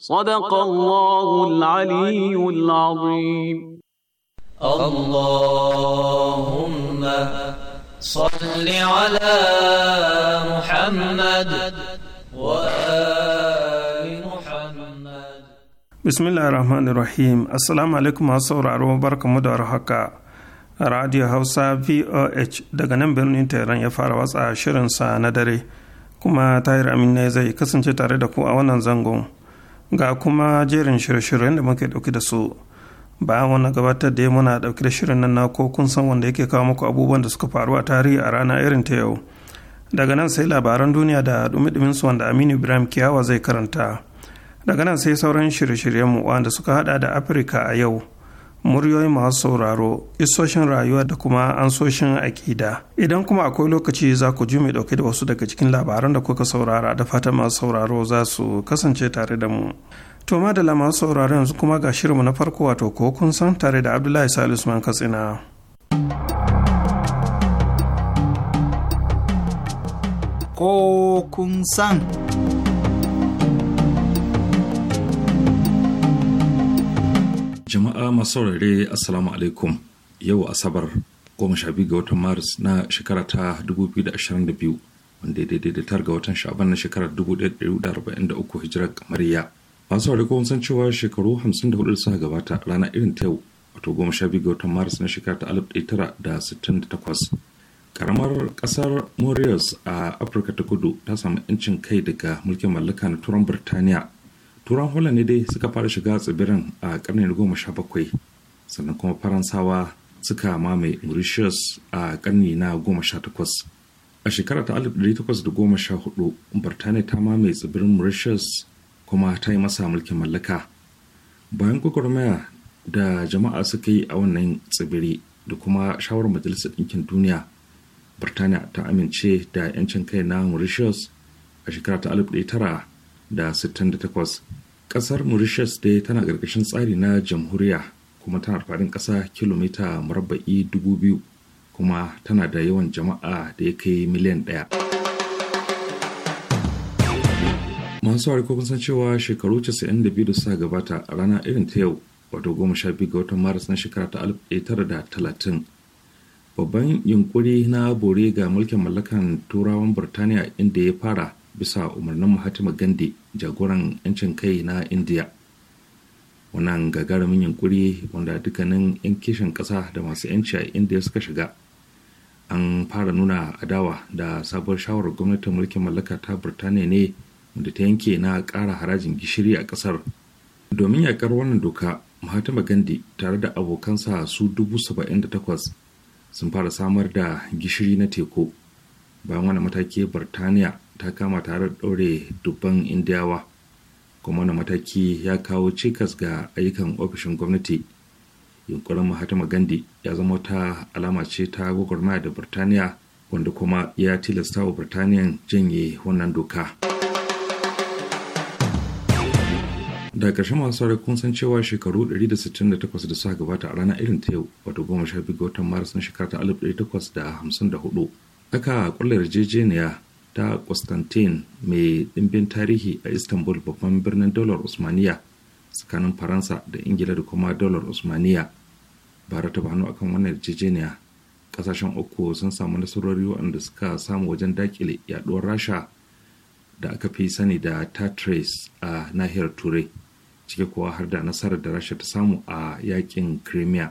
صدق الله العلي العظيم اللهم صل على محمد وآل محمد بسم الله الرحمن الرحيم السلام عليكم أصور barkamu da haka Radio Hausa VOH daga nan birnin Tehran ya fara watsa shirinsa na dare kuma Tahir Amin zai kasance tare da ku a wannan zangon. ga kuma jerin shirye-shiryen da muke ɗauki da su bayan wani gabatar da ya muna ɗauki da shirin nan na ko kun san wanda yake kawo muku abubuwan da suka faru a tarihi a rana irin ta yau daga nan sai labaran duniya da dumi su wanda aminu ibrahim kiyawa zai karanta daga nan sai sauran shirye shiryen mu wanda suka hada da afirka a yau muryoyi masu sauraro isoshin rayuwa da kuma ansoshin aƙida. idan kuma akwai lokaci za ku ji mai dauke da wasu daga cikin labaran da kuka saurara da fata masu sauraro za su kasance tare da mu to madala masu sauraro yanzu kuma ga shirinmu na farko wato ko kun san tare da abdullahi salisu man katsina ko kun san Jama'a masu saurare Assalamu alaikum yau Asabar goma sha biyu ga watan Maris na shekara ta 2022 wanda daidai da tar ga watan Sha'aban na shekarar 1443 hijirar kamariya. Masu saurare kuma san cewa shekaru 54 suka gabata rana irin ta yau wato goma sha biyu ga watan Maris na shekara ta 1968 karamar kasar mauritius a afirka ta kudu ta samu 'yancin kai daga mulkin mallaka na turan birtaniya turan holland ne dai suka fara shiga tsibirin a karni na goma sha bakwai sannan kuma faransawa suka mamaye mauritius a karni na goma sha takwas a shekara ta da goma sha hudu birtaniya ta mamaye tsibirin mauritius kuma ta yi masa mulkin mallaka bayan gwagwarmaya da jama'a suka yi a wannan tsibiri da kuma shawarar majalisar ɗinkin duniya birtaniya ta amince da 'yancin kai na mauritius a shekara ta 1968 ƙasar mauritius dai tana ƙarƙashin tsari na jamhuriya kuma tana faɗin ƙasa kilomita murabba'i dubu biyu kuma tana da yawan jama'a da ya kai miliyan ɗaya masu saurari ko kun san cewa shekaru 92 da suka gabata a rana irin ta yau wato goma biyu ga watan maris na shekara ta alif da talatin babban yunkuri na bore ga mulkin mallakan turawan burtaniya inda ya fara bisa umarnin mahatma gandhi jagoran 'yancin kai na indiya wannan gagarumin yunkuri wanda dukkanin 'yan kishin ƙasa da masu 'yanci a indiya suka shiga an fara nuna adawa da sabuwar shawarar gwamnatin mulkin mallaka ta birtaniya ne wanda ta yanke na ƙara harajin gishiri a ƙasar domin yakar wannan doka mahatma gandhi tare da abokansa su dubu saba'in da takwas sun fara samar da gishiri na teku bayan wani mataki burtaniya ta kama tare da ɗaure dubban indiyawa kuma wani mataki ya kawo cikas ga ayyukan ofishin gwamnati yunkurin mahatma gandi ya zama wata alama ce ta gwagwarmaya da birtaniya wanda kuma ya tilasta wa birtaniyan janye wannan doka da ƙarshe masu sauri kun san cewa shekaru 168 da suka gabata a ranar irin ta yau wato goma sha biyu ga watan maris na shekara ta 1854 aka kulle yarjejeniya ta Constantine mai ɗimbin tarihi a Istanbul babban birnin dolar Usmaniya tsakanin Faransa da Ingila da kuma dolar Usmaniya. bara ta hannu akan wannan yarjejeniya ƙasashen uku sun samu nasarori waɗanda suka samu wajen dakile yaɗuwar rasha da aka fi sani da tatris a nahiyar turai cike kuwa har da nasarar da rasha ta samu a yakin crimea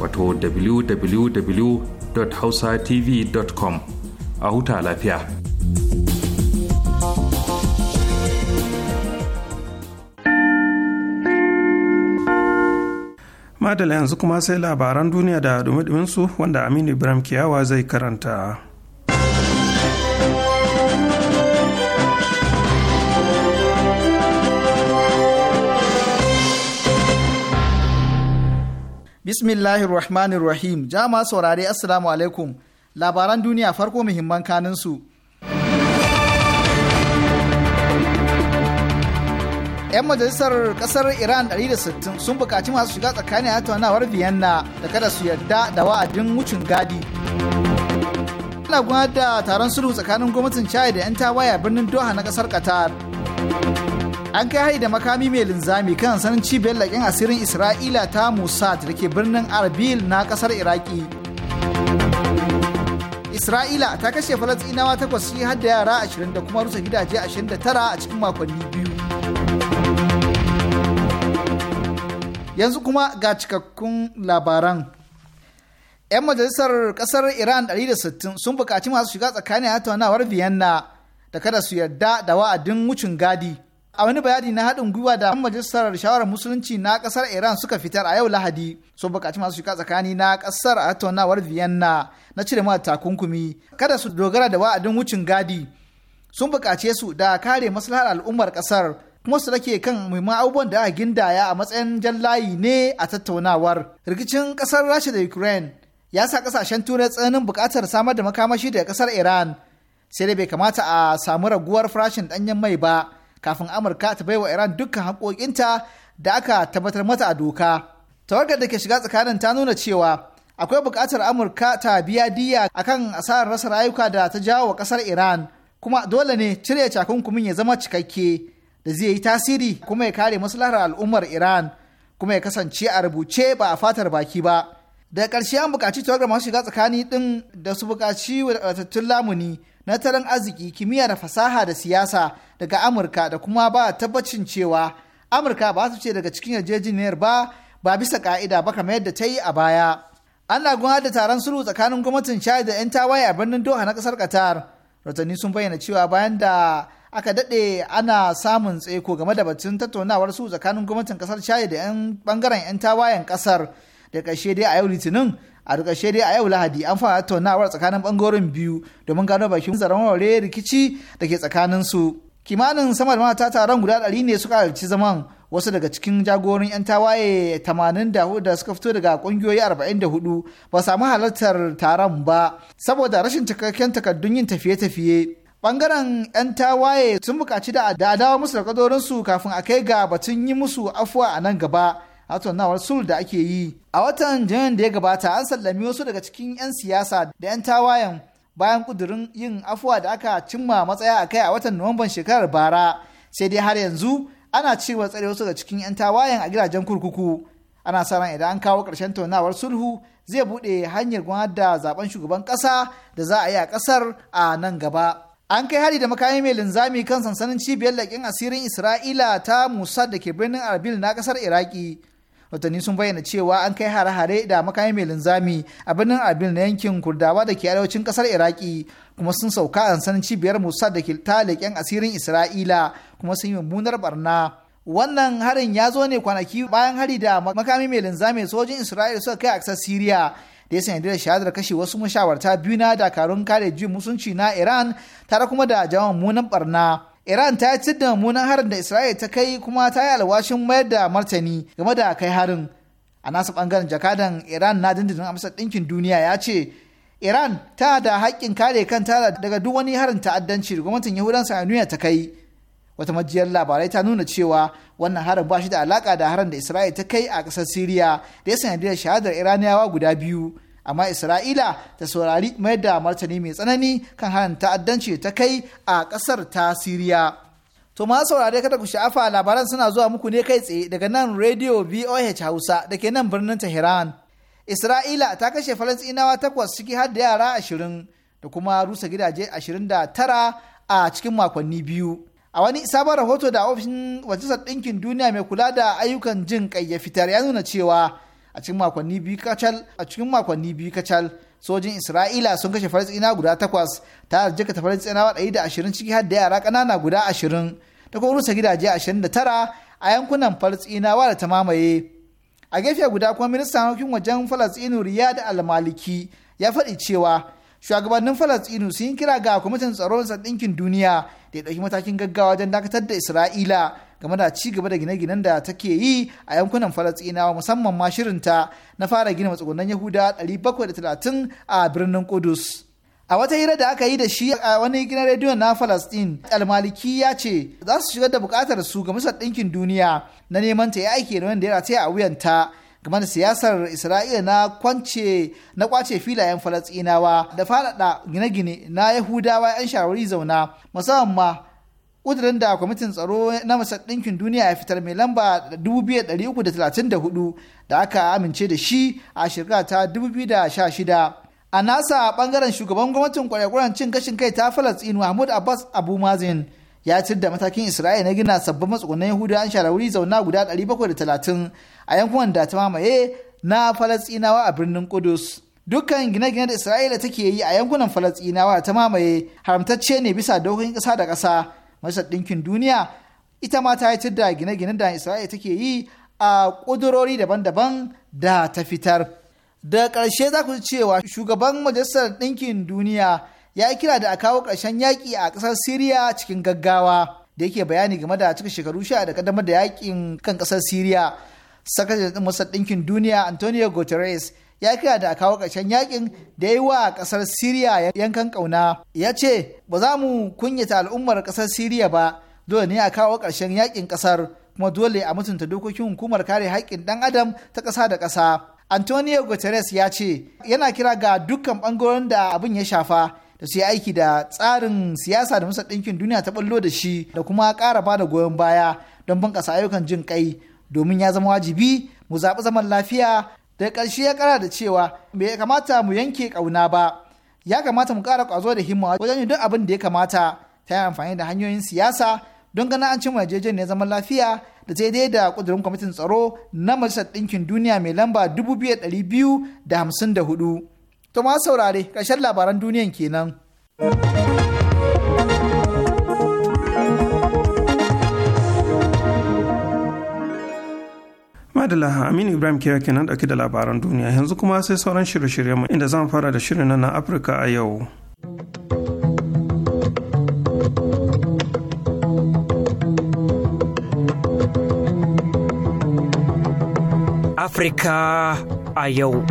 wato www.hausatv.com a huta lafiya. Madala yanzu kuma sai labaran duniya da dumi wanda Aminu Ibrahim Kiyawa zai karanta. Bismillahir Rahmanir Rahim. Jama'a saurare Assalamu alaikum. Labaran duniya farko muhimman kanin su. 'Yan majalisar kasar Iran 160 sun bukaci masu shiga tsakanin tattaunawar Vienna da kada su yarda da wa'adin wucin gadi. Ana gudanar da taron sulhu tsakanin gwamnatin Chad da 'yan tawaya birnin Doha na kasar Qatar. an kai hari da makami mai linzami kan sanin cibiyar laƙin asirin isra'ila ta musad da ke birnin arbil na ƙasar iraki isra'ila ta kashe falasɗinawa takwas har da yara 20 da kuma rusa gidaje 29 a cikin makonni biyu yanzu kuma ga cikakkun labaran 'yan majalisar kasar iran 160 sun buƙaci masu shiga tsakanin tattaunawar vienna da kada su yarda da wa'adin wucin gadi a wani bayani na haɗin gwiwa da majalisar shawarar musulunci na ƙasar iran suka fitar a yau lahadi sun buƙaci masu shiga tsakani na ƙasar a tattaunawar vienna na cire mata takunkumi kada su dogara da wa'adin wucin gadi sun buƙace su da kare maslahar al'ummar ƙasar kuma su rake kan muhimman abubuwan da aka gindaya a matsayin layi ne a tattaunawar rikicin ƙasar rasha da ukraine ya sa ƙasashen turai tsananin buƙatar samar da makamashi daga ƙasar iran sai dai bai kamata a samu raguwar farashin ɗanyen mai ba kafin amurka ta baiwa iran dukkan haƙoƙinta da aka tabbatar mata a doka tawagar da ke shiga tsakanin ta nuna cewa akwai buƙatar amurka ta biya diya akan asarar rasa rayuka da ta jawo wa ƙasar iran kuma dole ne cire takunkumin ya zama cikakke da zai yi tasiri kuma ya kare maslahar al'ummar iran kuma ya kasance a rubuce ba a fatar baki ba daga ƙarshe an buƙaci tawagar masu shiga tsakani ɗin da su buƙaci wadatattun lamuni na taron arziki kimiyya da fasaha da siyasa daga amurka da kuma ba tabbacin cewa amurka ba su ce daga cikin yarjejeniyar ba ba bisa ka'ida ba kamar yadda ta yi a baya ana gudanar da taron sulhu tsakanin gwamnatin chad da 'yan tawaye a birnin doha na kasar qatar rotani sun bayyana cewa bayan da aka daɗe ana samun tseko game da batun tattaunawar su tsakanin gwamnatin kasar chad da 'yan bangaren 'yan tawayen kasar da ƙarshe dai a yau litinin a ƙarshe dai a yau lahadi an fara tattaunawar tsakanin bangoren biyu domin gano bakin zaren ware rikici da ke tsakanin su kimanin sama da mata taron guda ɗari ne suka halarci zaman wasu daga cikin jagorin 'yan tawaye tamanin da suka fito daga kungiyoyi 44 ba samu halartar taron ba saboda rashin cikakken takardun yin tafiye-tafiye bangaren 'yan tawaye sun bukaci da adawa musu da kadorinsu kafin a kai ga batun yi musu afuwa a nan gaba hatsunawar sulh da ake yi a watan janairun da ya gabata an sallami wasu daga cikin 'yan siyasa da 'yan tawayen bayan kudurin yin afuwa da aka cimma matsaya a kai a watan nuwamban shekarar bara sai dai har yanzu ana cewa tsare wasu daga cikin 'yan tawayen a gidajen kurkuku ana sa ran idan an kawo ƙarshen Taunawar sulhu zai buɗe hanyar gwamnati da zaben shugaban ƙasa da za a yi a ƙasar a nan gaba. An kai hari da makami mai linzami kan sansanin cibiyar laƙin asirin Isra'ila ta Musa da ke birnin Arbil na ƙasar Iraki. watanni sun bayyana cewa an kai hare-hare da makami mai linzami a birnin abin na yankin kurdawa da ke arewacin kasar iraki kuma sun sauka an sanin cibiyar musa da ke ta leƙen asirin isra'ila kuma sun yi mummunar barna wannan harin ya zo ne kwanaki bayan hari da makami mai linzami sojin isra'ila suka kai a kasar siriya da ya da shahadar kashe wasu mashawarta biyu na dakarun kare juyin musunci na iran tare kuma da jawon munan barna Iran ta yi da mummunan harin da Isra'il ta kai kuma ta yi alwashin mayar da martani game da kai harin. A nasu bangaren jakadan Iran na dindindin amsar ɗinkin duniya ya ce, Iran ta da haƙƙin kare kanta daga duk wani harin ta'addanci da gwamnatin Yahudan Sanuniya ta kai. Wata majiyar labarai ta nuna cewa wannan harin ba shi da alaƙa da harin da Isra'il ta kai a ƙasar Siriya da ya sanadiyar shahadar Iraniyawa guda biyu. amma isra'ila ta saurari mayar da martani mai tsanani kan harin ta'addanci ta kai a ƙasar ta siriya to ma saurare kada ku sha'afa labaran suna zuwa muku ne kai tsaye daga nan radio voh hausa da ke nan birnin tehran isra'ila ta kashe falastinawa takwas ciki har da yara ashirin da kuma rusa gidaje ashirin da tara a cikin makonni biyu a wani sabon rahoto da ofishin wajisar ɗinkin duniya mai kula da ayyukan jin kai ya fitar ya nuna cewa a cikin makonni biyu kacal a cikin makonni biyu kacal sojin isra'ila sun kashe falastina guda takwas ta jika ta wa ɗari da ashirin ciki har da yara ƙanana guda ashirin ta kuma rusa gidaje ashirin da tara a yankunan wa da ta mamaye a gefe guda kuma ministan harkokin wajen falastinu riyad al-maliki ya faɗi cewa shugabannin falastinu sun kira ga kwamitin tsaron ɗinkin duniya da ya ɗauki matakin gaggawa don dakatar da isra'ila game da ci gaba da gine-ginen da take yi a yankunan Falasɗinawa musamman ma shirinta na fara gina matsugunan Yahuda 730 a birnin Kudus. A wata hira da aka yi da shi a wani gina rediyon na falasɗin almaliki ya ce za su shigar da bukatar su ga musa Ɗinkin Duniya na neman ta ya aiki da wanda ya rataya a wuyanta game da siyasar Isra'ila na kwance na kwace filayen Falasɗinawa da faɗaɗa gine-gine na Yahudawa 'yan shawari zauna musamman ma ƙudurin da kwamitin tsaro na masar ɗinkin duniya ya fitar mai lamba 2334 da aka amince da shi a shirka ta 2016 a nasa a ɓangaren shugaban gwamnatin kwarekwaren cin gashin kai ta Falasinu mahmud abbas abu mazin ya cir da matakin isra'ila na gina sabbin matsugunan yahudawan wuri zauna guda 730 a yankunan da ta mamaye na falastinawa a birnin kudus dukkan gine-gine da isra'ila take yi a yankunan falastinawa ta mamaye haramtacce ne bisa dokokin kasa da kasa. Masar ɗinkin duniya ita ma ta yi da gine gine da Isra'ila take yi a ƙudurori daban-daban da ta fitar. Da ƙarshe za ku ji cewa shugaban majalisar ɗinkin duniya ya yi kira da a kawo ƙarshen yaƙi a ƙasar Siriya cikin gaggawa da yake bayani game da cika shekaru sha da kaddamar da yaƙin kan ƙasar Siriya. Sakataren Majalisar Ɗinkin Duniya Antonio Guterres ya kira da a kawo ƙarshen yakin da yi wa ƙasar Siriya yankan ƙauna. Ya ce, ba za mu kunyata al'ummar ƙasar Siriya ba, dole ne a kawo ƙarshen yakin ƙasar, kuma dole a mutunta dokokin hukumar kare haƙƙin ɗan adam ta ƙasa da ƙasa. Antonio Guterres ya ce, yana kira ga dukkan ɓangaren da abin ya shafa, da su yi aiki da tsarin siyasa da musa ɗinkin duniya ta ɓallo da shi da kuma ƙara ba da goyon baya don bunƙasa ayyukan jin ƙai domin ya zama wajibi mu zaɓi zaman lafiya daga ƙarshe ya kara da cewa bai kamata mu yanke ƙauna ba ya kamata mu ƙara ƙwazo da himma wajen yin duk abin da ya kamata ta yi amfani da hanyoyin siyasa don gana an cimma yarjejeniyar zaman lafiya da ta daidai da ƙudurin kwamitin tsaro na majalisar ɗinkin duniya mai lamba dubu biyu ɗari biyu da hamsin da hudu. To ma saurare ƙarshen labaran duniyan kenan. madalla aminu ibrahim kira kenan dauke da labaran duniya yanzu kuma sai sauran shirye mu inda zan fara da shirin na afirka a yau Afirka a yau.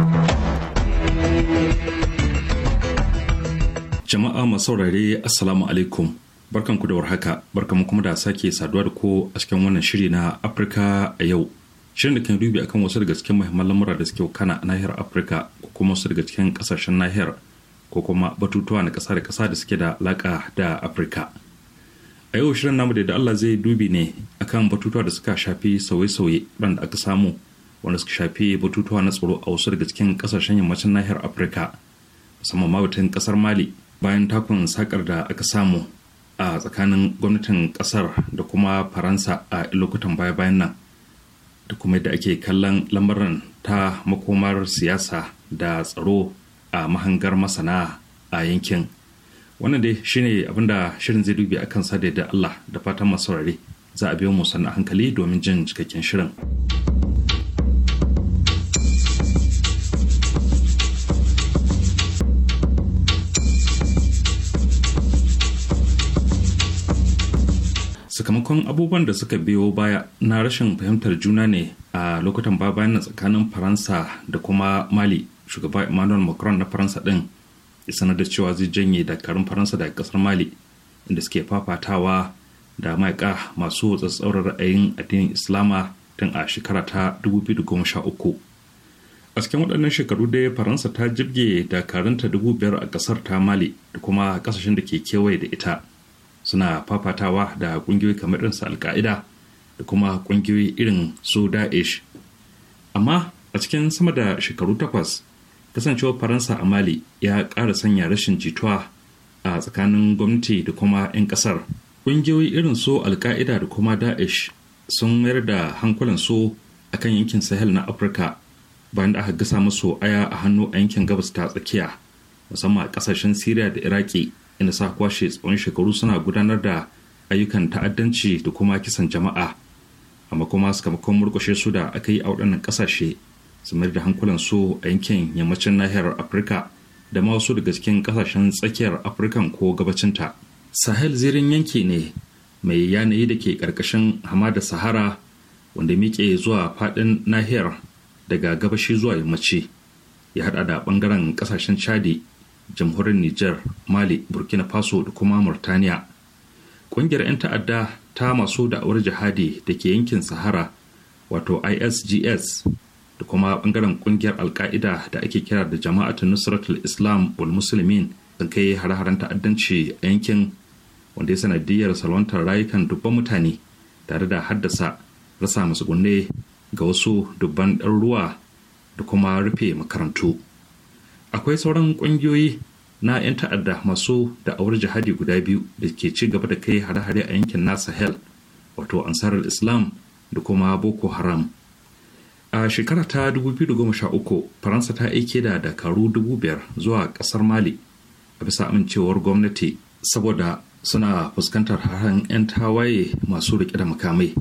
Jama'a masaurare Assalamu alaikum. Barkanku da warhaka, barkanku kuma da sake saduwa da ko a cikin wannan shiri na Afirka a yau. shirin da kan dubi akan wasu daga cikin muhimman lamura da suke kana nahiyar afirka ko kuma wasu daga cikin kasashen nahiyar ko kuma batutuwa na kasa da kasa da suke da alaka da afirka a yau shirin namu da allah zai dubi ne akan batutuwa da suka shafi sauye-sauye da aka samu wanda suka shafi batutuwa na tsaro a wasu daga cikin kasashen yammacin nahiyar afirka musamman ma batun kasar mali bayan takun sakar da aka samu a tsakanin gwamnatin kasar da kuma faransa a lokutan baya-bayan nan da kuma yadda ake kallon lamarin ta makomar siyasa da tsaro a mahangar masana a yankin wannan dai shine da shirin zai dubi akan sa da Allah da fatan masu za a biyo mu sannan hankali domin jin cikakken shirin. sakamakon abubuwan da suka biyo baya na rashin fahimtar juna ne a lokutan bayan na tsakanin faransa da kuma mali shugaba emmanuel macron na faransa din ya sanar da cewa zai janye dakarun faransa daga kasar mali inda suke fafatawa da maika masu tsatsauran ra'ayin addinin islama tun a shekara ta 2013 a cikin waɗannan shekaru dai faransa ta jibge dakarunta 5,000 a kasar ta mali da kuma kasashen da ke kewaye da ita suna fafatawa da kungiyoyi kamar irinsu alka'ida da kuma kungiyoyi irin su Da'ish, amma a cikin sama da shekaru takwas kasancewar faransa a mali ya ƙara sanya rashin jituwa a tsakanin gwamnati da kuma 'yan ƙasar ƙungiyoyi irin su alka'ida da kuma Da'ish sun mayar da hankulan su akan yankin sahel na afirka bayan da aka gasa musu aya a hannu a yankin gabas ta tsakiya musamman a ƙasashen siriya da iraki ina sa kwashe tsawon shekaru suna gudanar da ayyukan ta'addanci da kuma kisan jama'a amma kuma sakamakon murkushe su da aka yi a waɗannan ƙasashe su mayar da hankulan su a yankin yammacin nahiyar afirka da ma wasu daga cikin ƙasashen tsakiyar afirka ko gabacinta sahel zirin yanki ne mai yanayi da ke ƙarƙashin hamada sahara wanda miƙe zuwa faɗin nahiyar daga gabashi zuwa yammaci ya haɗa da ɓangaren ƙasashen chadi jamhuriyar nijar mali burkina faso da kuma murtaniya kungiyar 'yan ta'adda ta masu da'awar jihadi da ke yankin sahara wato isgs da kuma bangaren ƙungiyar alka'ida da ake kira da jama'atu nusratul islam wal musulmin sun kai hare-haren ta'addanci a yankin wanda ya sanadiyar salwantar rayukan dubban mutane tare da haddasa rasa matsugunne ga wasu dubban ruwa da kuma rufe makarantu. akwai sauran ƙungiyoyi na 'yan ta'adda masu da da'awar jihadi guda biyu da ke ci gaba da kai hare-hare a yankin na sahel wato ansarar islam da kuma boko haram a shekara ta 2013 faransa ta aike da dakaru 5,000 zuwa kasar mali a bisa amincewar gwamnati saboda suna fuskantar harin 'yan tawaye masu rike da makamai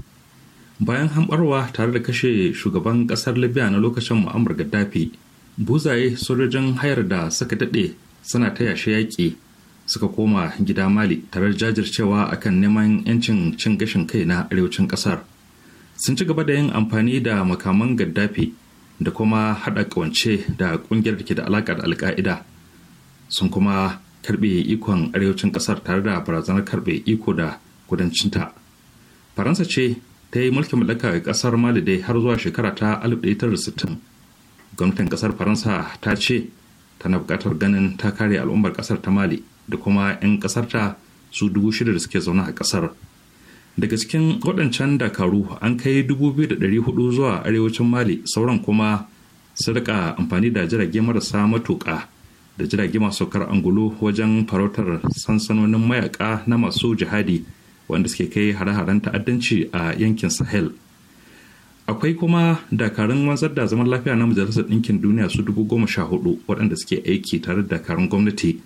bayan hambarwa tare da kashe shugaban ƙasar libya na lokacin mu'amur gaddafi buzaye sojojin hayar da suka daɗe suna ta yashe yaƙi suka koma gida mali tare da jajircewa akan neman 'yancin cin gashin kai na arewacin ƙasar sun ci gaba da yin amfani da makaman gaddafi da kuma haɗa ƙawance da ƙungiyar da ke da alaƙa da alƙa'ida sun kuma karɓe ikon arewacin ƙasar tare da barazanar karɓe iko da kudancinta faransa ce ta yi mulkin mallaka ga ƙasar mali dai har zuwa shekara ta 1960 gwamnatin kasar faransa ta ce tana buƙatar ganin ta kare al'ummar kasar ta mali da kuma 'yan ƙasarta su dubu shida da suke zaune a kasar daga cikin waɗancan dakaru an kai dubu biyu da ɗari hudu zuwa arewacin mali sauran kuma su rika amfani da jirage marasa matuƙa da jirage masu saukar angulo wajen farautar sansanonin mayaka na masu jihadi wanda suke kai hare-haren ta'addanci a yankin sahel akwai kuma dakarun wanzar da zaman lafiya na majalisar ɗinkin duniya su dubu goma sha hudu waɗanda suke aiki tare da dakarun gwamnati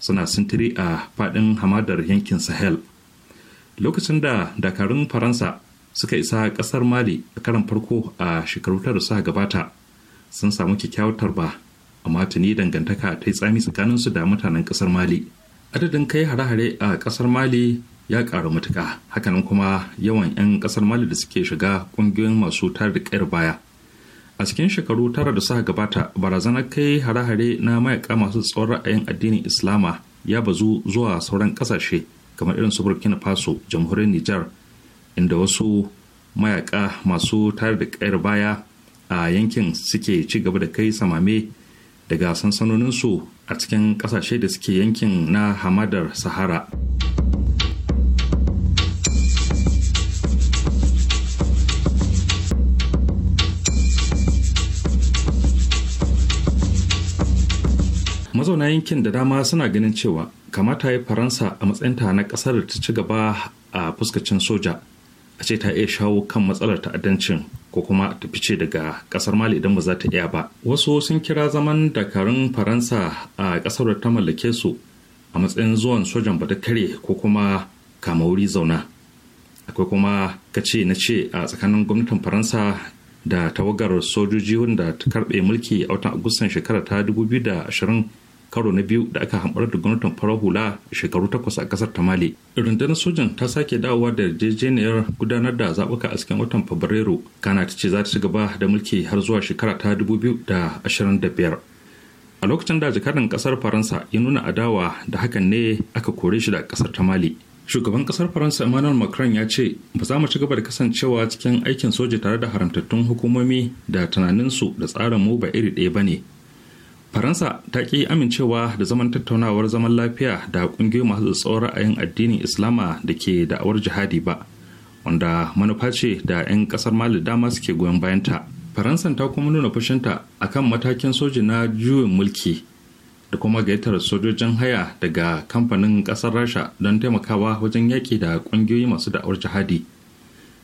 suna sintiri a faɗin hamadar yankin sahel lokacin da dakarun faransa suka isa ƙasar mali a karan farko a shekaru tara suka gabata sun samu kyakkyawar tarba amma tuni dangantaka ta yi tsami tsakaninsu da mutanen ƙasar mali adadin kai hare-hare a ƙasar mali ya ƙara matuka hakanan kuma yawan 'yan ƙasar mali da suke shiga ƙungiyoyin masu tare da ƙayar baya a cikin shekaru tara da suka gabata barazanar kai hare-hare na mayaka masu tsawon ra'ayin addinin islama ya bazu zuwa sauran ƙasashe kamar irin su burkina faso jamhuriyar nijar inda wasu mayaka masu tare da ƙayar baya a yankin suke ci gaba da kai samame daga sansanoninsu a cikin ƙasashe da suke yankin na hamadar sahara. mazauna yankin da dama suna ganin cewa kamata ya faransa a matsayinta na kasar da ta ci gaba a fuskacin soja a ce ta iya shawo kan matsalar ta'addancin ko kuma ta fice daga kasar mali idan ba za ta iya ba wasu sun kira zaman dakarun faransa a ƙasar da ta mallake su a matsayin zuwan sojan ba ta kare ko kuma kama wuri zauna akwai kuma kace na ce a tsakanin gwamnatin faransa da tawagar sojoji wanda ta karbe mulki a watan agustan shekara ta 2020 karo na biyu da aka hambar da gwamnatin farar hula shekaru takwas a ƙasar ta mali rundunar sojan ta sake dawowa da yarjejeniyar gudanar da zaɓuka a cikin watan fabrairu kana ta ce za ta ci gaba da mulki har zuwa shekara ta biyar. a lokacin da jakadan kasar faransa ya nuna adawa da hakan ne aka kore shi da kasar ta mali shugaban kasar faransa emmanuel macron ya ce ba za mu ci gaba da kasancewa cikin aikin soja tare da haramtattun hukumomi da tunaninsu da tsarin mu ba iri ɗaya ba ne faransa ta ƙi amincewa da zaman tattaunawar zaman lafiya da ƙungiyoyi masu tsawon ra'ayin addinin islama da ke da'awar jihadi ba wanda manufa ce da 'yan ƙasar mali dama suke goyon bayanta faransa ta kuma nuna fushinta a kan matakin soji na juyin mulki da kuma gayyatar sojojin haya daga kamfanin ƙasar rasha don taimakawa wajen yaƙi da ƙungiyoyi masu da'awar jihadi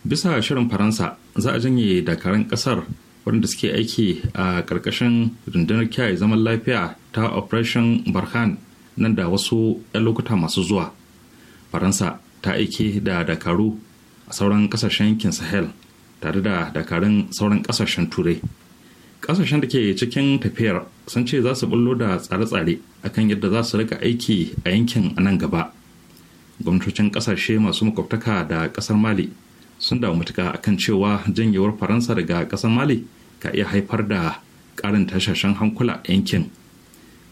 bisa shirin faransa za a janye dakarun ƙasar waɗanda suke aiki a ƙarƙashin rundunar kiyaye zaman lafiya ta operation barhan nan da wasu 'yan lokuta masu zuwa faransa ta aike da dakaru a sauran ƙasashen yankin sahel tare da dakarun sauran ƙasashen turai ƙasashen da ke cikin tafiyar sun ce za su bullo da tsare-tsare akan yadda za su rika aiki a yankin a nan gaba gwamnatocin ƙasashe masu makwabtaka da ƙasar mali sun damu matuka akan cewa janyewar faransa daga ƙasar mali ka iya haifar da ƙarin tashashen hankula yankin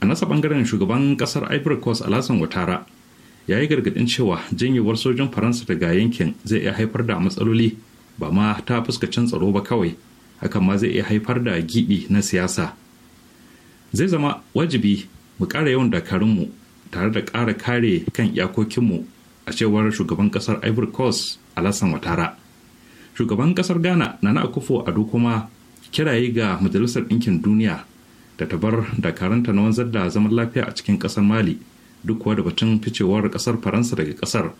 a nasa bangaren shugaban ƙasar ivory coast alasan watara ya yi gargadin cewa janyewar sojin faransa daga yankin zai iya haifar da matsaloli ba ma ta fuskacin tsaro ba kawai hakan ma zai iya haifar da giɓi na siyasa zai zama wajibi mu ƙara yawan dakarunmu tare da ƙara kare kan iyakokinmu a cewar shugaban ƙasar ivory coast alasan watara shugaban kasar ghana nana akufo ado kuma kiraye ga majalisar ɗinkin duniya da ta bar karanta na wanzar da zaman lafiya a cikin kasar mali duk kuwa da batun ficewar kasar faransa daga kasar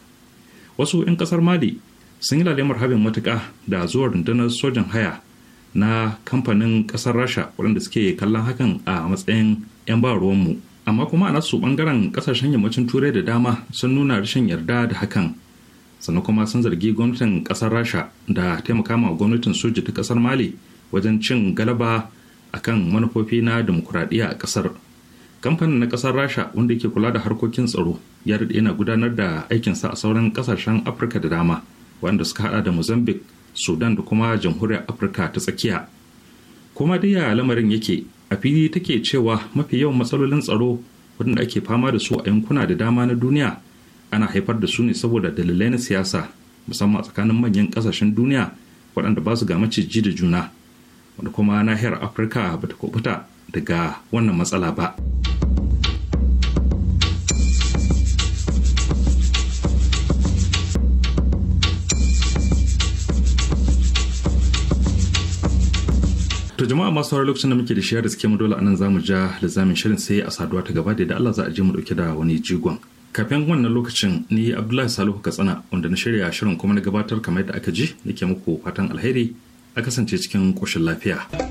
wasu 'yan kasar mali sun yi lalemar habin matuƙa da zuwa rundunar sojan haya na kamfanin kasar rasha waɗanda suke kallon hakan a matsayin 'yan ba ruwanmu amma kuma a nasu ɓangaren ƙasashen yammacin turai da dama sun nuna rashin yarda da hakan sannan kuma sun zargi gwamnatin kasar rasha da taimaka ma gwamnatin soja ta kasar mali wajen cin galaba akan manufofi na demokuraɗiyya a kasar kamfanin na kasar rasha wanda ke kula da harkokin tsaro ya daɗe yana gudanar da aikinsa a sauran kasashen afirka da dama wanda suka hada da mozambique sudan da kuma jamhuriyar afirka ta tsakiya kuma dai ya lamarin yake a fili take cewa mafi yawan matsalolin tsaro waɗanda ake fama da su a yankuna da dama na duniya ana haifar da su ne saboda dalilai na siyasa musamman a tsakanin manyan kasashen duniya waɗanda ba su ga maciji da juna wanda kuma nahiyar afirka ba ta kubuta daga wannan matsala ba to jama'a masu sauraron lokacin da muke da shiyar da suke mu dole anan zamu ja da zamin shirin sai a saduwa ta gaba da Allah za a je mu dauke da wani jigon kafin wannan lokacin ni abdullahi salihu katsina wanda na shirya shirin kuma na gabatar kamar yadda aka ji nake muku fatan alheri a kasance cikin ƙoshin lafiya.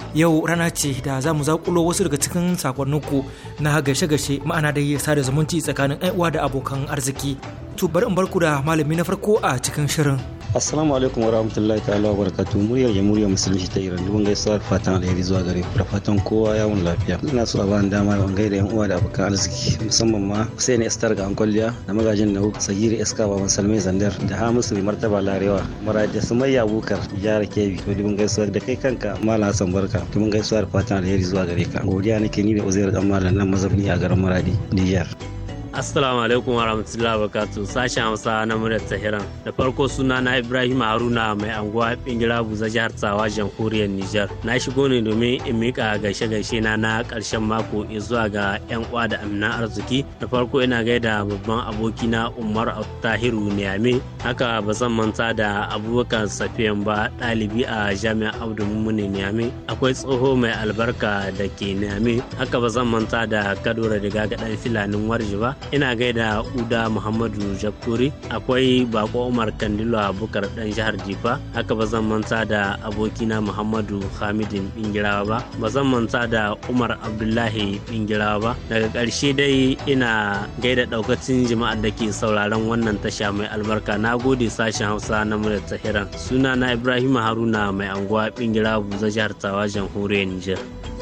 yau rana ce da za mu zakulo wasu daga cikin sakonninku na gashe-gashe ma'ana da sada zumunci tsakanin uwa da abokan arziki. To bari in barku da malami na farko a cikin shirin. assalamu alaikum warahmatullahi ta'ala wa barakatu muryar jamhuriyar musulunci ta iran dubin gaisuwa fatan alheri zuwa gare ku da fatan kowa yawon lafiya ina so a bani dama ban da yan uwa da abokan arziki musamman ma Hussein Estar ga Ankwaliya da magajin Nau Sagiri iska ba musulmi Zandar da Hamisu Martaba Larewa Maradi Sumayya abokar, Jihar Kebbi to dubin gaisuwa da kai kanka Malam Hassan Barka dubin gaisuwa da fatan alheri zuwa gare ka godiya nake ni da Uzair Dan Malam nan mazabni a garin Maradi Niger Assalamu alaikum wa rahmatullahi wa barakatuh sashen Hausa na murar Tahiran. Da farko suna na Ibrahim Haruna mai anguwa Bingira Buza jihar Tsawa jamhuriyar Nijar. Na shigo ne domin in mika gaishe gaishe na na karshen mako zuwa ga yan uwa da amina arziki. Da farko ina gaida babban aboki na Umar Tahiru Niyame. Haka ba zan manta da Abubakar Safiyan ba ɗalibi a Jami'ar Abdu Mumuni Niyame. Akwai tsoho mai albarka da ke Niyame. Haka ba zan manta da Kadura Riga Gaɗan Filanin Warji ba. ina gaida uda muhammadu jakuri akwai bako umar kandilo abubakar dan jihar jifa haka ba zan manta da abokina muhammadu hamidin bingirawa ba ba zan manta da umar abdullahi bingirawa ba daga ƙarshe dai ina gaida ɗaukacin jama'ar da ke sauraron wannan tasha mai albarka na gode sashen hausa na muryar tahiran suna na ibrahim haruna mai anguwa bingirawa buza jihar tawa jamhuriyar niger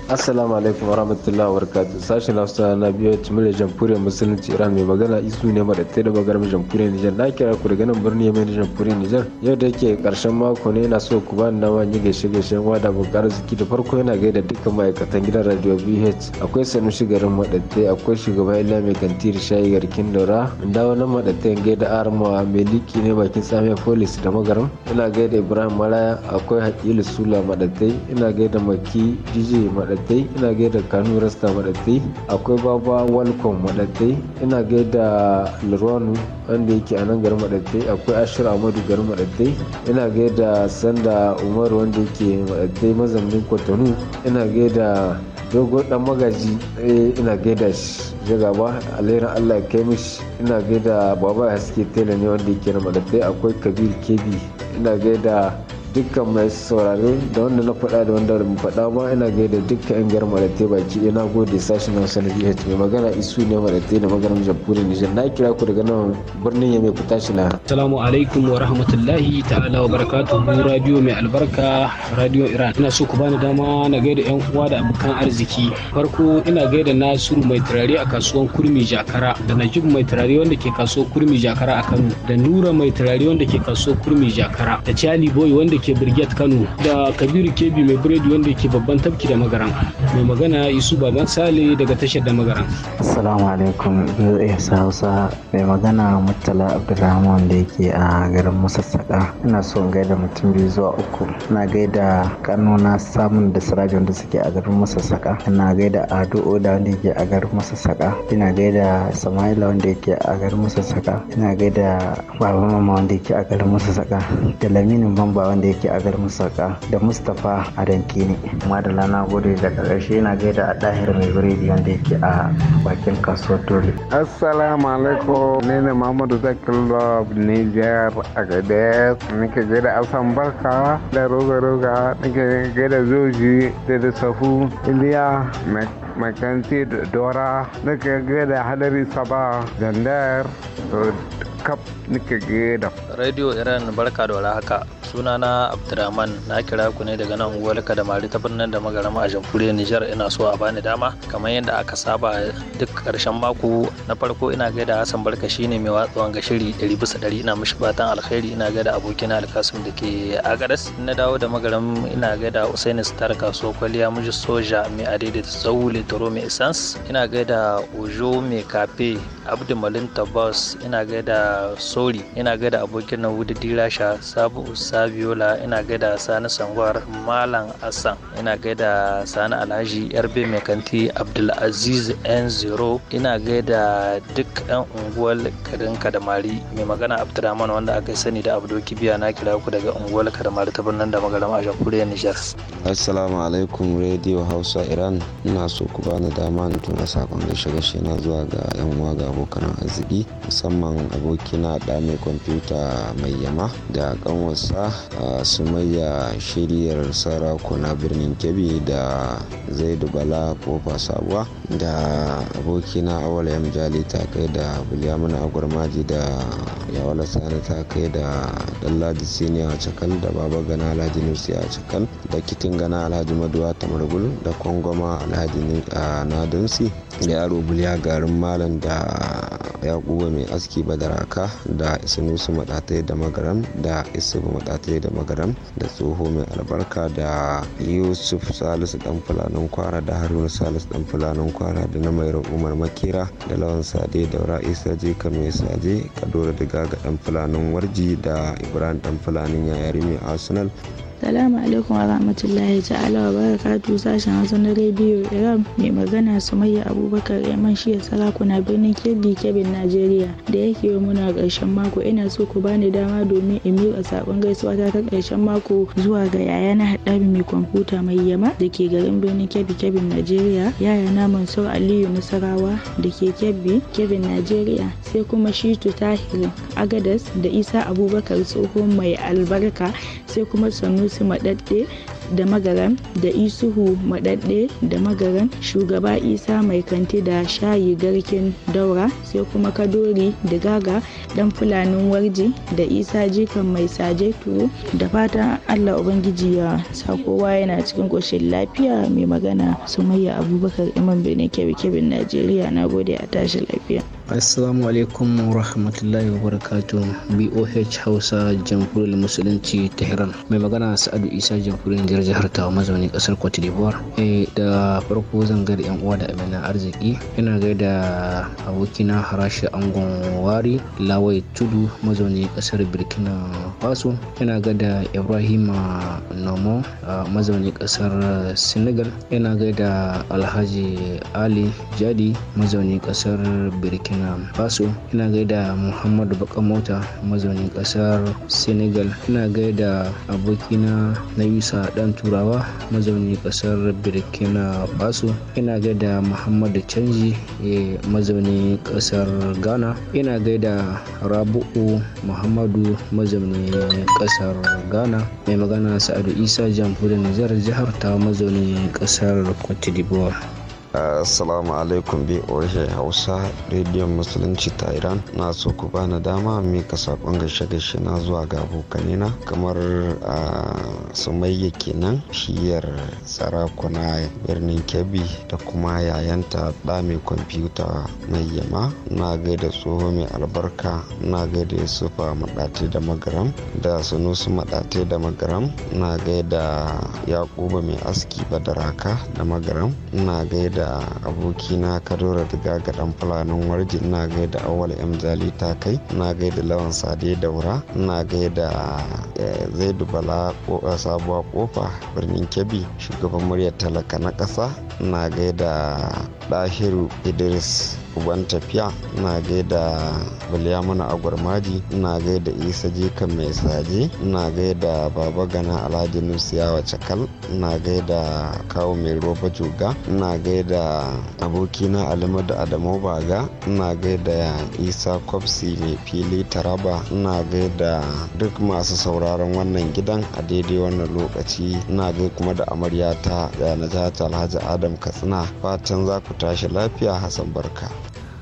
assalamu alaikum wa barakatu sashen lafsa na biyu da jamhuriyar musulunci iran mai magana isu ne madattai da bagarmar jamhuriyar nijar na kira ku daga nan birni mai jamhuriyar nijar yau da yake karshen mako ne na so ku bani na yi gaishe gaishe wa da bukar ziki da farko yana gaida dukkan ma'aikatan gidan radio bh akwai sanushi garin madattai akwai shugaba ila mai kantir shayi garkin inda wannan nan madattai gaida armawa mai liki ne bakin tsamiya polis da magaram ina gaida ibrahim malaya akwai hakilu sula madattai ina gaida maki jiji madattai ina gaida kanu rasta madattai akwai baba walcom madattai ina gaida lurwanu wanda yake a nan garin madattai akwai ashir amadu garin madattai ina gaida sanda umaru wanda yake madattai mazaunin kwatano ina gaida dogon dan magaji eh, ina gaida shi jagaba alherin allah ya kai mishi ina gaida baba haske tela ne wanda yake na madattai akwai kabir kebi ina gaida dukkan mai saurare da wanda na faɗa da wanda mu faɗa ba ina gaida dukkan yan garin marate baki ina gode sashen hausa na bh mai magana isu ne marate da maganar jamhuriyar nijar na kira ku daga nan birnin yamai ku tashi na assalamu alaikum wa rahmatullahi ta'ala wa mu radio mai albarka radio iran ina so ku bani dama na gaida yan uwa da abokan arziki farko ina gaida nasiru mai turare a kasuwan kurmi jakara da najib mai turare wanda ke kasuwan kurmi jakara a kano da nura mai turare wanda ke kasuwan kurmi jakara da chali boy wanda ke Birget Kano da Kabiru Kebi mai biredi wanda ke babban tafki da magaran. Mai magana Isu Baban Sale daga tashar da magaran. Assalamu alaikum Zai VOA Hausa mai magana Murtala Abdulrahman da yake a garin Musassaka. Ina so in gaida mutum biyu zuwa uku. Ina gaida Kano na samun da Siraji wanda suke a garin Musassaka. Ina gaida Ado Oda wanda yake a garin Musassaka. Ina gaida Samaila wanda yake a garin Musassaka. Ina gaida Baba Mama wanda yake a garin Musassaka. Da Laminin Bamba wanda yake a garin saka da mustapha adanki ne madala na gode da ƙarshe na gaida a ɗahir mai da wanda yake a bakin kasuwar dole assalamu alaikum ne ne muhammadu zakilov niger a gades nake gaida asan barka da roga roga nake gaida zoji da da safu iliya makanti dora nake gaida hadari saba zandar kap nika gida. Radio Iran barka da warhaka. Sunana Abdurrahman na kira ku ne daga nan da mari ta birnin da magarama a jamhuriyar Nijar ina so a bani dama kamar yadda aka saba duk karshen mako na farko ina gaida Hassan Barka shine mai watsuwan ga shiri 100 bisa 100 ina mishi fatan alkhairi ina gaida abokina Alkasim da ke Agadas na dawo da magaram ina gaida Usaini Star kasuwa kwaliya miji soja mai da sau litoro mai essence ina gaida Ojo mai kafe Abdul Malin Tabbas ina gaida so Sori ina gaida abokin na Hudu Dirasha Sabu Sabiola ina gaida Sani Sangwar Malam Assan ina gaida Sani Alhaji Yarbe Mai Kanti Abdulaziz N0 ina gaida duk 'yan unguwar garin Kadamari mai magana Abdurrahman wanda aka sani da Abdul Kibiya na kira ku daga unguwar Kadamari ta birnin da magalama a Jamhuriyar Nijar. Assalamu alaikum Radio Hausa Iran ina so ku bani dama in tuna sakon gaishe-gaishe na zuwa ga 'yan uwa ga abokan arziki musamman abokina Ɗa mai kwamfuta mai yama da kanwarsa sumayya shiryar sarakuna birnin kebbi da zaidu bala kofa sabuwa da abokina awal jali ta kai da bulyamuna agwarmaji da yawala sani ta kai da dalladi siniya a cakal da baba gana alhaji nursi a cakal da kitin gana alhaji maduwa tamargul da kwangwama alhaji nadunsi da yaro bulya garin malam da ya yakuba mai aski badaraka da isinusu maɗatai da magaram da isubu maɗatai da magaram da tsoho mai albarka da yusuf salisu dan fulanin kwara da haruna salisu dan fulanin kwara da na mai umar makera da lawan sade daura isa jika mai sade kadora da ga dan fulanin warji da ibrahim dan fulanin yayari mai arsenal Salamu alaikum wa rahmatullahi ta'ala wa barakatu sashen Hausa na rediyo Iran mai magana su Sumayya Abubakar Yaman shi ya sarakuna birnin Kebbi Kebbi Najeriya da yake yi muna ƙarshen mako ina so ku bani dama domin in miƙa saƙon gaisuwa ta ta ƙarshen mako zuwa ga yaya na haɗabi mai kwamfuta mai yama da ke garin birnin Kebbi kebbi Najeriya yaya na Mansur Aliyu Nasarawa da ke Kebbi kebbi Najeriya sai kuma Shitu Tahir Agadas da Isa Abubakar tsohon mai albarka sai kuma Sanu Musa maɗaɗɗe da magaran da isuhu maɗaɗɗe da magaran shugaba isa mai kanti da shayi garkin daura sai kuma kadori da gaga dan fulanin warji da isa jikan mai saje turo da fatan allah ubangiji ya sa kowa yana cikin ƙoshin lafiya mai magana sumayya abubakar imam benin kebe kebin najeriya na gode a tashi lafiya assalamu alaikum wa rahmatullahi wa barakatuh boh hausa jamhuriyar musulunci tehran mai magana sa'adu isa jamhuriyar jihar jihar tawa mazauni kasar cote d'ivoire eh, da farko zangar yan uwa da amina arziki ina gaida abokina harashi angon wari lawai tudu mazauni kasar burkina faso ina da ibrahima nomo mazauni kasar senegal ina gaida alhaji ali jadi mazauni kasar burkina burkina faso ina gaida muhammadu bakan mota mazaunin kasar senegal ina gaida abokina na yusa dan turawa mazaunin kasar burkina faso ina gaida muhammadu canji eh, mazaunin kasar ghana ina gaida rabu'u muhammadu mazaunin kasar ghana mai magana sa'adu isa jamhuriyar nijar jihar ta mazaunin kasar cote d'ivoire assalamu alaikum boh hausa rediyon musulunci ta iran na so ku bani dama mika sakon gashe gashe na zuwa ga abokanina kamar a sumayya kenan shiyar sarakuna birnin kebbi da kuma yayanta da mai kwamfuta mai yama na gaida tsoho mai albarka na gaida sufa maɗate da magaram da sunusu maɗate da magaram na gaida yakuba mai aski badaraka da magaram na gaida gaida abokina kadora diga ga dan fulanin warji ina gaida awal m zali ta kai ina da lawan sade daura ina gaida eh, zaidu bala eh, sabuwa kofa birnin kebbi shugaban muryar talaka na ƙasa ina da dahiru idris uban tafiya ina gaida bulyamuna agwarmaji ina gaida isa jika mai saje ina gaida baba gana alhaji nusiyawa cakal ina gaida kawo mai roba juga ina gaida abokina alimadu adamu baga ina gaida isa kwafsi mai fili taraba ina gaida duk masu sauraron wannan gidan a daidai wannan lokaci ina gai kuma da amaryata da na alhaji adam katsina fatan za ku tashi lafiya hasan barka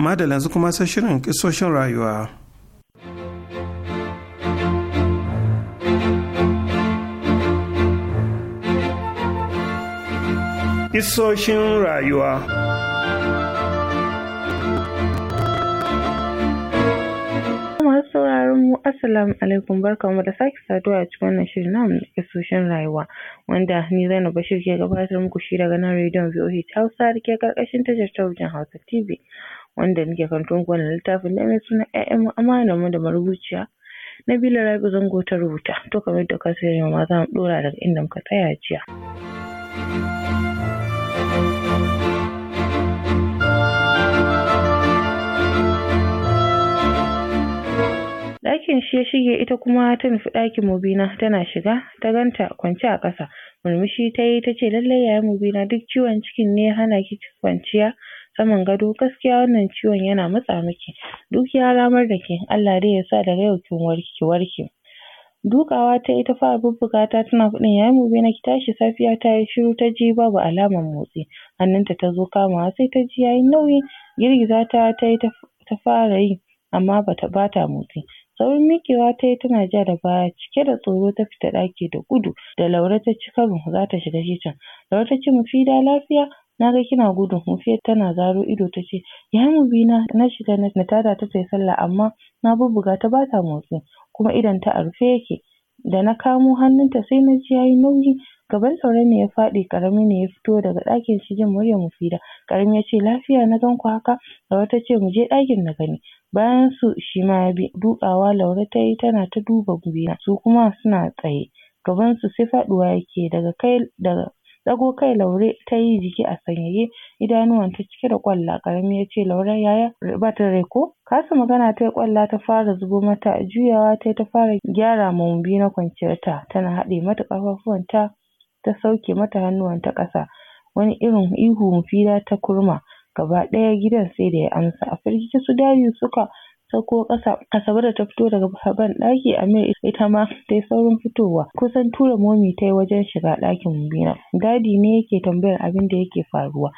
madalla yanzu kuma sai shirin kisoshin rayuwa Isoshin rayuwa masu sauraron mu assalamu alaikum barkamu da sake saduwa a cikin wannan shirin namu na isoshin rayuwa wanda ni Zainab Bashir ke gabatar muku shi daga nan rediyon VOH Hausa da ke karkashin tashar talabijin Hausa TV wanda nake karanto muku wannan littafin na mai suna ƴaƴan amanar mu da marubuciya Nabila Rabi Zango ta rubuta to kamar yadda ka sani ma za mu dora daga inda muka tsaya jiya. ɗakin shi ya shige ita kuma ta nufi ɗakin mubina tana shiga ta ganta kwance a ƙasa murmushi ta yi ta ce lallai yayan mubina duk ciwon cikin ne ya hana ki kwanciya saman gado gaskiya wannan ciwon yana matsa miki duk ya ramar da ke Allah dai ya sa daga yau kin ki warke dukawa ta ita fara bubbuga ta tana faɗin yayi mu na ki tashi safiya ta yi shiru ta ji babu alamar motsi hannunta ta zo kamawa sai ta ji yayi nauyi girgiza ta ta yi ta fara yi amma bata bata motsi saurin mikewa ta yi tana ja da baya cike da tsoro ta fita daki da gudu da Laure ta ci karo za ta shiga kicin Laure ta ce da lafiya Na ga kina gudu Mufiyat tana zaro ido tace ya mubina na Na shiga na tada ta tayi sallah amma na bubbuga ta bata motsi kuma ta a rufe yake da na kamo hannunta sai naji yayi nauyi gaban Laure ne ya faɗi ƙarami ne ya fito daga ɗakin shi jin mu Mufida ƙarami yace lafiya na ganku haka ce, tace muje ɗakin na gani bayan su shima ya bi dukawa Laure tayi tana ta duba Mubina su kuma suna tsaye gaban su sai faɗuwa yake daga kai daga Ɗago kai Laure ta yi jiki a sanyaye, idanuwanta cike da ƙwalla. Ƙarami ya ce, Laure yaya ba ta rai ko? Kasa magana ta yi ƙwalla ta fara zubo mata, juyawa ta yi ta fara gyara ma Wumbi na kwanciyarta, tana haɗe mata ƙafafuwanta ta sauke mata ta ƙasa. Wani irin ihu fila ta kurma, gaba ɗaya gidan sai da ya amsa. A firgice su Darius suka sauko ƙasa Asabar da ta fito daga ban ɗaki amir ita ma ta yi saurin fitowa kusan tura momi ta yi wajen shiga ɗakin mubina dadi ne yake tambayar abin da yake faruwa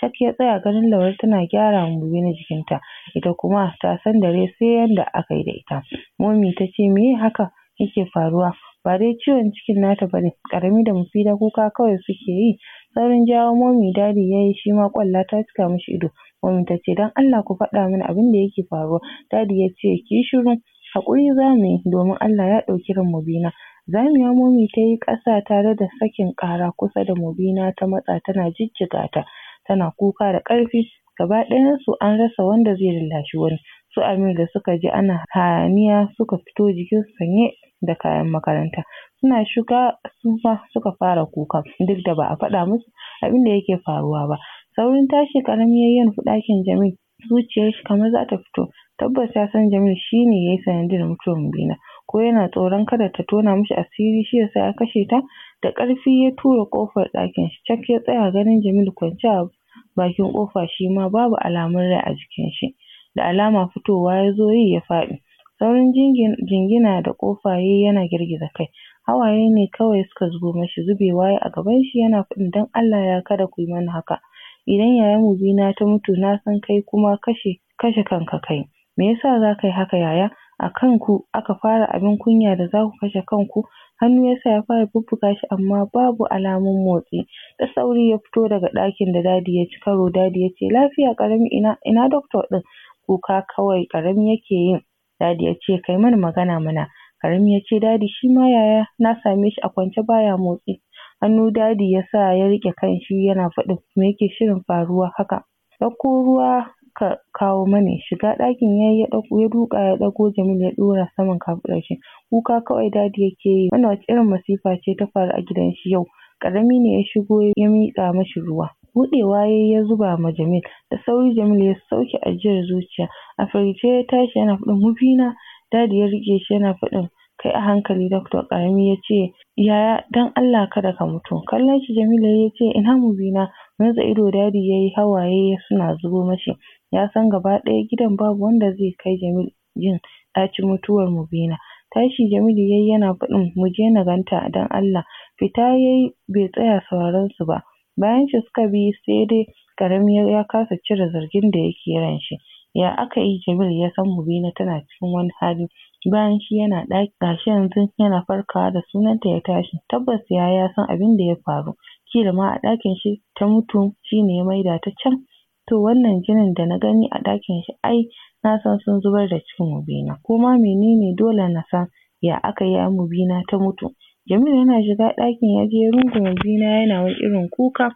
Cak ya tsaya ganin Laure tana gyara wa Mubina jikinta, ita kuma ta san dare sai yadda aka yi da ita. Momi ta ce me haka yake faruwa? Ba dai ciwon cikin nata ba ne, ƙarami da mufida kuka kawai suke yi. Saurin jawo Momi dadi ya yi shi ma ƙwalla ta cika mishi ido. Momi ta ce don Allah ku faɗa mana abin da yake faruwa. Dadi ya ce ki shiru haƙuri za mu yi domin Allah ya ɗauki ran Mubina. Zamiya Momi ta yi ƙasa tare da sakin ƙara kusa da Mubina ta matsa tana jijjiga ta tana kuka da ƙarfi gaba ɗayansu an rasa wanda zai lallashi wani. Su Amir da suka ji ana hayaniya suka fito jikin sanye da kayan makaranta. Suna shiga su ma suka fara kuka duk da ba a faɗa musu abin da yake faruwa ba. Saurin tashi ƙarami ya nufi ɗakin Jamil, zuciyar shi kamar za ta fito. Tabbas ya san Jamil shi ne yayi sanadiyar mutuwar Mubina, ko yana tsoron kada ta tona mishi asiri shi yasa ya kashe ta. Da karfi ya tura kofar ɗakin shi, cak ya tsaya ganin Jamil kwance a bakin kofa Shima babu alamun rai a jikin shi. Da alama fitowa ya zo yi ya faɗi. Saurin jingina da kofaye yana girgiza kai. Hawaye ne kawai suka zubo mashi zubewa a gaban shi yana faɗin dan Allah ya kada ku yi mana haka. idan yayan mu bina ta mutu na san kai kuma kashe kashe kanka kai me yasa za ka yi haka yaya a kanku aka fara abin kunya da za ku kashe kanku hannu yasa ya fara bubbuga shi amma babu alamun motsi da sauri ya fito daga ɗakin da dadi ya ci karo dadi ya ce lafiya ƙarami ina ina doctor ɗin kuka kawai ƙarami yake yin dadi ya ce kai mana magana mana ƙarami ya ce dadi shi ma yaya na same shi a kwance baya motsi hannu dadi ya sa ya riƙe kanshi yana faɗin me yake shirin faruwa haka ɗauko ruwa ka kawo mani shiga ɗakin yayi ya ɗauko ya duka ya ɗauko Jamil ya ɗora saman kafaɗar shi kuka kawai dadi yake yi wannan wace irin masifa ce ta faru a gidan shi yau ƙarami ne ya shigo ya miƙa mashi ruwa buɗewa ya yi ya zuba ma Jamil da sauri Jamil ya sauke ajiyar zuciya a firgice ya tashi yana faɗin Mubina dadi ya riƙe shi yana faɗin kai a hankali Dr. Karami ya ce yaya dan Allah kada ka mutu kallon shi Jamila ya ce ina bina murza ido dadi yayi hawaye suna zubo mashi ya san gaba ɗaya gidan babu wanda zai kai Jamil jin ɗaci mutuwar bina tashi Jamilu yayi yana faɗin mu je na ganta dan Allah fita yayi bai tsaya sauraron su ba bayan shi suka bi sai dai karami ya kasa cire zargin da yake ran shi ya aka yi Jamil ya san bina tana cikin wani hali bayan shi yana ɗaki gashi yanzu yana farkawa da sunanta ya tashi tabbas ya ya san abin da ya faru kila ma a ɗakin shi ta mutu shi ne ya maida ta can to wannan jinin da na gani a ɗakin shi ai na san sun zubar da cikin Mubina ko ma menene dole na san ya aka yi Mubina ta mutu Jamilu yana shiga ɗakin ya je rungun Mubina yana wani irin kuka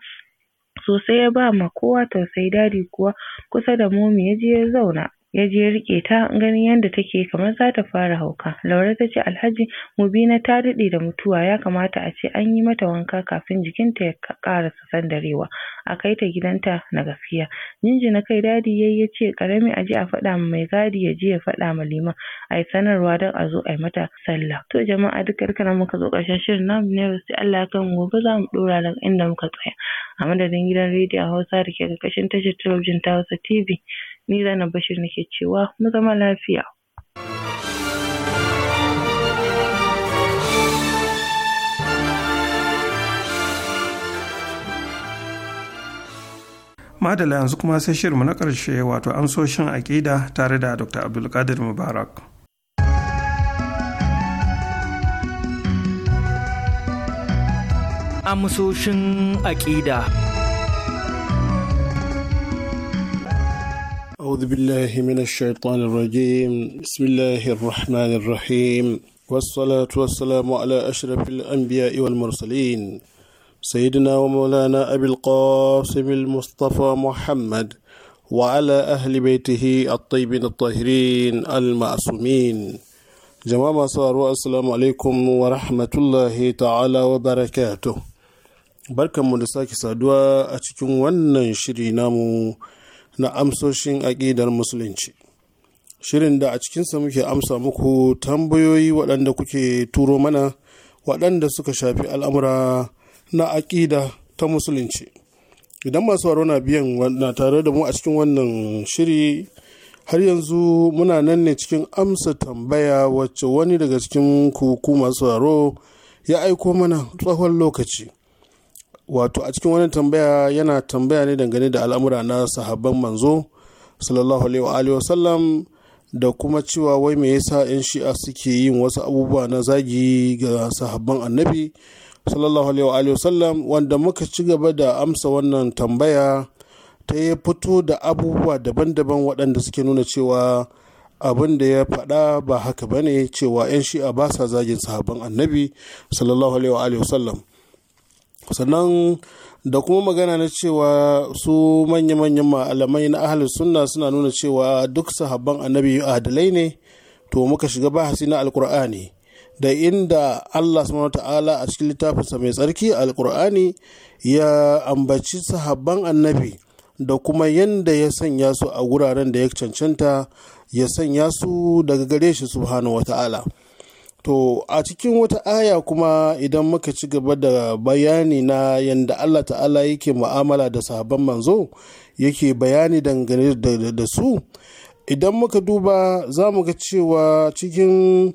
sosai ya ba ma kowa tausayi dadi kuwa kusa da momi ya je ya zauna ya je ya rike ta ganin yadda take kamar za ta fara hauka. Laure ta ce Alhaji na ta daɗe da mutuwa ya kamata a ce an yi mata wanka kafin jikin ta ya ƙarasa sandarewa. A kai ta gidanta na gaskiya. na kai dadi yayi ya ce ƙarami a je a faɗa ma mai gadi ya je ya faɗa ma liman a yi sanarwa don a zo a yi mata sallah. To jama'a duka duka muka zo ƙarshen shirin namu ne sai Allah ya kai mu gobe za mu ɗora daga inda muka tsaya. A madadin gidan rediyon Hausa da ke ƙarƙashin tashar talabijin ta Hausa TV. ni Zainab Bashir nake cewa mu zama lafiya. Madala yanzu kuma sai shirinmu na ƙarshe wato amsoshin aƙida tare da Dr. Abdulkadir Mubarak. Amsoshin aƙida. أعوذ بالله من الشيطان الرجيم بسم الله الرحمن الرحيم والصلاة والسلام على أشرف الأنبياء والمرسلين سيدنا ومولانا أبي القاسم المصطفى محمد وعلى أهل بيته الطيبين الطاهرين المعصومين جماعة صاروا السلام عليكم ورحمة الله تعالى وبركاته بركة من ساكي سادوا أتكم ونن شرينامو na amsoshin aƙidar musulunci shirin da a cikinsa muke amsa muku tambayoyi waɗanda kuke turo mana waɗanda suka shafi al'amura na aƙida ta musulunci idan masu waro na biyan na tare da mu a cikin wannan shiri har yanzu muna nan ne cikin amsa tambaya wacce wani daga cikin kuku masu waro ya aiko mana tsawon lokaci wato a cikin wannan tambaya yana tambaya ne dangane da al'amura na sahabban manzo sallallahu alaihi wa sallam da kuma cewa wai me yasa 'yan shi'a suke yin wasu abubuwa na zagi ga sahabban annabi sallallahu alaihi wa sallam wanda muka ci gaba da amsa wannan tambaya ta yi fito da abubuwa daban-daban waɗanda suke nuna cewa abin da ya faɗa ba haka bane cewa 'yan shi'a ba sa zagin sahabban annabi sallallahu alaihi wa sallam sannan da kuma magana na cewa su manya-manyan malamai na ahalin sunna suna nuna cewa duk sahabban annabi adalai ne to muka shiga bahasi na alkur'ani da inda allah subhanahu ta'ala a cikin littafinsa mai tsarki alkur'ani ya ambaci sahabban annabi da kuma yadda ya sanya su a wuraren da ya cancanta ya sanya su daga gare shi subhanahu wa ta'ala To a cikin wata aya kuma idan muka ci gaba da bayani na yadda Allah ta'ala yake mu'amala da sabon manzo yake bayani dangane da, su idan muka duba za mu ga cewa cikin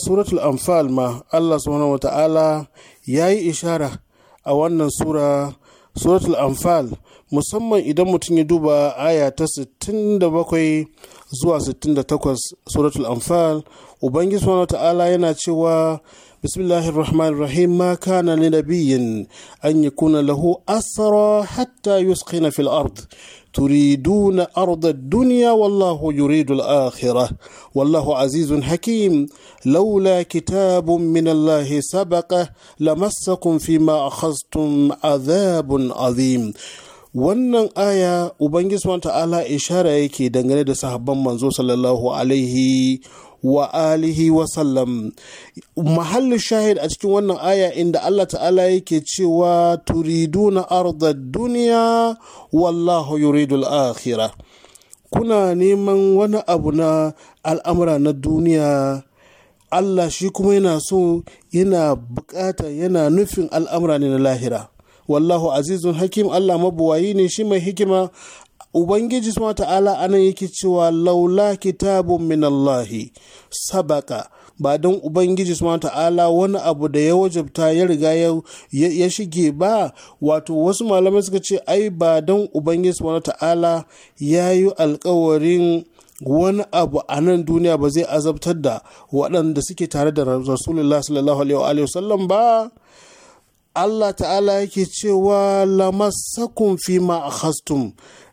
suratul anfal ma Allah subhanahu wa ta'ala ya yi ishara a wannan sura suratul anfal musamman idan mutum ya duba aya ta sittin 67 zuwa 68 suratul anfal ubangiji subhanahu ta'ala yana cewa bismillahir rahmanir ma kana li nabiyyin an yakuna lahu asra hatta yusqina fil ard turiduna arda ad-dunya wallahu yuridu al-akhirah wallahu azizun hakim laula kitabun min Allah sabaqa lamassakum fima akhadhtum azabun azim wannan aya ubangiji wa ta'ala ishara yake dangane da sahabban manzo sallallahu alaihi wa alihi wa sallam mahallin shahid a cikin wannan aya inda Allah ta'ala yake cewa turiduna arda duniya wallahu yuridul akhirah kuna neman wani abu na al'amura na duniya Allah shi kuma yana so yana bukata yana nufin al'amura ne na lahira wallahu azizun hakim Allah mabuwayi ne shi mai hikima Ubangiji suna ta'ala a nan yake cewa laula kitabun min Allahi sabaka ba don Ubangiji suna ta'ala wani abu da ya wajabta ya riga ya shige ba wato wasu malamai suka ce ai ba don Ubangiji suna ta'ala ya yi alkawarin wani abu a nan duniya ba zai azabtar da waɗanda suke tare da rasulullah sallallahu alaihi wa ba Allah ta'ala yake cewa lamassakun fi ma akhastum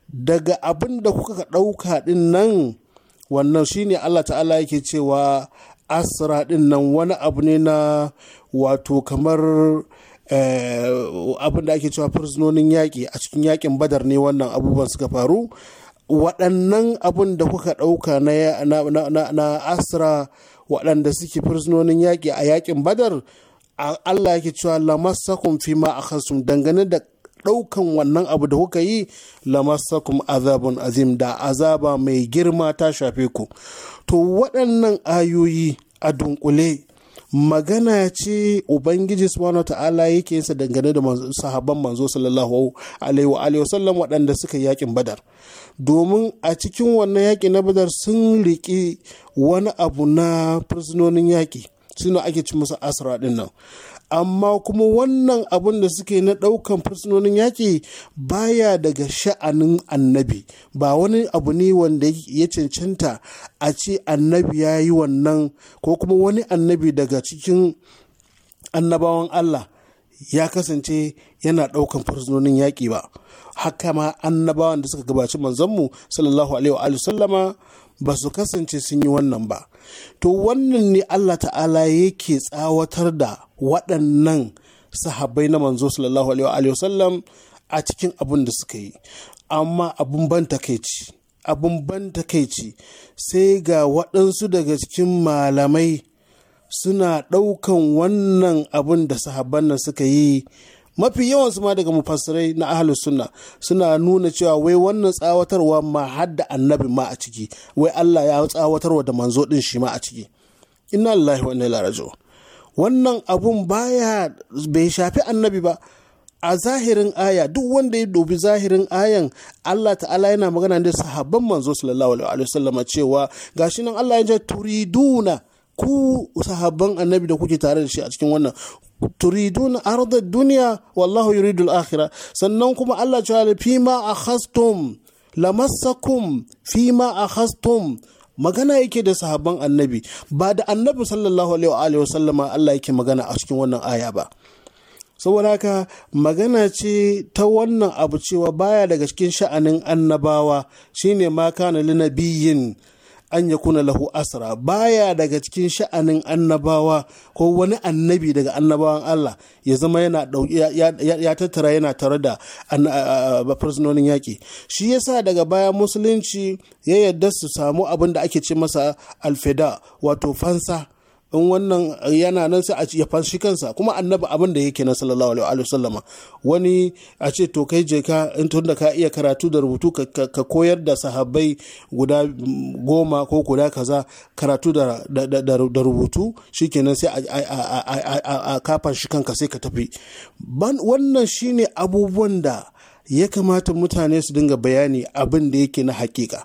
daga abin da kuka ɗauka ɗin nan wannan shine Allah ta'ala yake cewa asra ɗin nan wani abu ne na wato kamar eh, abin da ake cewa firzinonin yaƙi a cikin yaƙin badar ne wannan abubuwan suka faru waɗannan abin da kuka ɗauka na, na, waɗanda suke firzinonin yaƙi a yaƙin badar Allah yake cewa lamassakum fi ma akhasum dangane da ɗaukan wannan abu da kuka yi lamassakum azabun azim da azaba mai girma ta shafe ku to waɗannan ayoyi a dunkule magana ce ubangiji subhanahu ta'ala yake yinsa dangane da sahabban manzo sallallahu alaihi wa alihi wasallam waɗanda suka yi yakin badar domin a cikin wannan yaki na badar sun riƙi wani abu na fursunonin yaki suna ake ci musu asara din nan amma kuma wannan abun da suke na ɗaukan fursunonin yaƙi baya daga sha'anin annabi ba wani abu ne wanda ya cancanta a ce annabi ya yi wannan ko kuma wani annabi daga cikin annabawan Allah ya kasance yana ɗaukan fursunonin yaƙi ba haka ma annabawan da suka gabaci manzanmu sallallahu alaihi wa sallama ba su kasance sun yi wannan ba to wannan ne Allah ta'ala yake tsawatar da waɗannan sahabai na manzo sallallahu alaihi sallam a cikin abin da suka yi amma abin ban takeici abun ban takeici sai ga waɗansu daga cikin malamai suna ɗaukan wannan abin da sahabban nan suka yi mafi yawansu ma daga mufassirai na ahalus sunna suna nuna cewa wai wannan tsawatarwa ma hadda annabi ma a ciki wai Allah ya tsawatarwa da manzo din shi ma a ciki inna lillahi wa inna wannan abun baya bai shafi annabi ba a zahirin aya duk wanda ya dobi zahirin ayan Allah ta'ala yana magana da sahabban manzo sallallahu alaihi cewa gashi nan Allah ya ce turiduna ku sahabban annabi da kuke tare da shi a cikin wannan turidun arda duniya wallahu yuridul akhira sannan kuma Allah cewa fi ma akhastum lamassakum fi ma akhastum magana yake da sahabban annabi ba da annabi sallallahu alaihi wa sallama Allah yake magana a cikin wannan aya ba saboda haka magana ce ta wannan abu cewa baya daga cikin sha'anin annabawa shine ma kana linabiyin an ya kuna lahu asra baya daga cikin sha'anin annabawa ko wani annabi daga annabawan Allah ya zama yana ya tattara yana tare da fursunonin yaƙi shi yasa daga baya musulunci ya yarda su samu abin da ake ce masa alfida wato fansa in wannan yana nan sai a ya fashi kansa kuma annabi abin da yake na sallallahu alaihi wa sallama wani a ce to kai je ka in tun da ka iya karatu da rubutu ka koyar da sahabbai guda goma ko guda kaza karatu da rubutu shikenan sai a ka shi kanka sai ka tafi wannan shine abubuwan da ya kamata mutane su dinga bayani abin da yake na hakika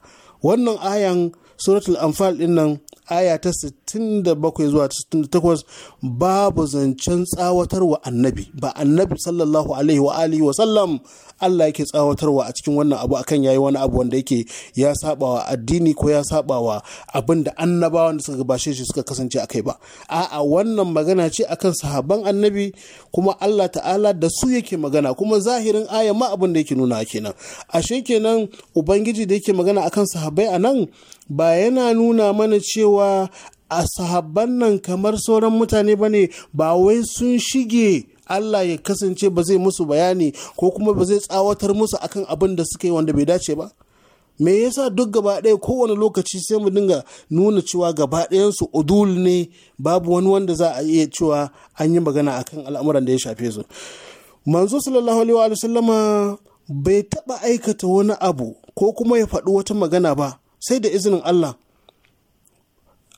wannan ayan suratul anfal din nan aya ta 67 zuwa 68 babu zancen tsawatarwa annabi ba annabi sallallahu alaihi wa alihi wa sallam Allah yake tsawatarwa a cikin wannan abu akan yayi wani abu wanda yake ya sabawa addini ko ya sabawa abin da annabawan da suka gabashe shi suka kasance akai ba a'a wannan magana ce akan sahabban annabi kuma Allah ta'ala da su yake magana kuma zahirin aya ma abin da yake nuna kenan ashe kenan ubangiji da yake magana akan sahabbai anan ba yana nuna mana cewa a sahabban nan kamar sauran mutane ba ne ba wai sun shige Allah ya kasance ba zai musu bayani ko kuma ba zai tsawatar musu akan abin da suka yi wanda bai dace ba me yasa duk gaba ɗaya kowane lokaci sai mu dinga nuna cewa gaba su udul ne babu wani wanda za a iya cewa an yi magana akan al'amuran da ya shafe su manzo sallallahu alaihi wa sallama bai taɓa aikata wani abu ko kuma ya faɗi wata magana ba sai da izinin Allah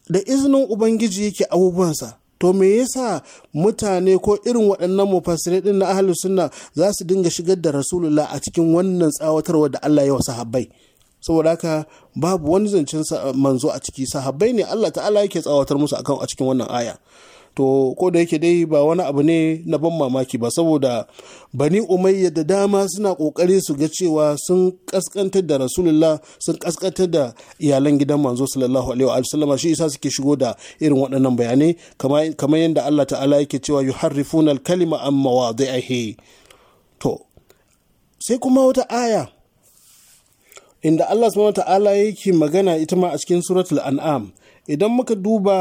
da izinin ubangiji yake abubuwansa to me yasa mutane ko irin waɗannan mufassirai din na ahli sunna za su dinga shigar da rasulullah a cikin wannan tsawatarwa da Allah ya wasu sahabbai saboda haka babu wani zancen manzo a ciki sahabbai ne Allah ta'ala yake tsawatar musu akan a cikin wannan aya to ko da yake dai ba wani abu ne na ban mamaki ba saboda bani umayya da dama suna kokari su ga cewa sun kaskantar da rasulullah sun kaskantar da iyalan gidan manzo sallallahu alaihi wa sallama shi isa suke shigo da irin waɗannan bayanai kamar yadda Allah ta'ala yake cewa yuharrifuna al-kalima an mawadi'ihi to sai kuma wata aya inda Allah subhanahu wa ta'ala yake magana ita ma a cikin suratul an'am idan muka duba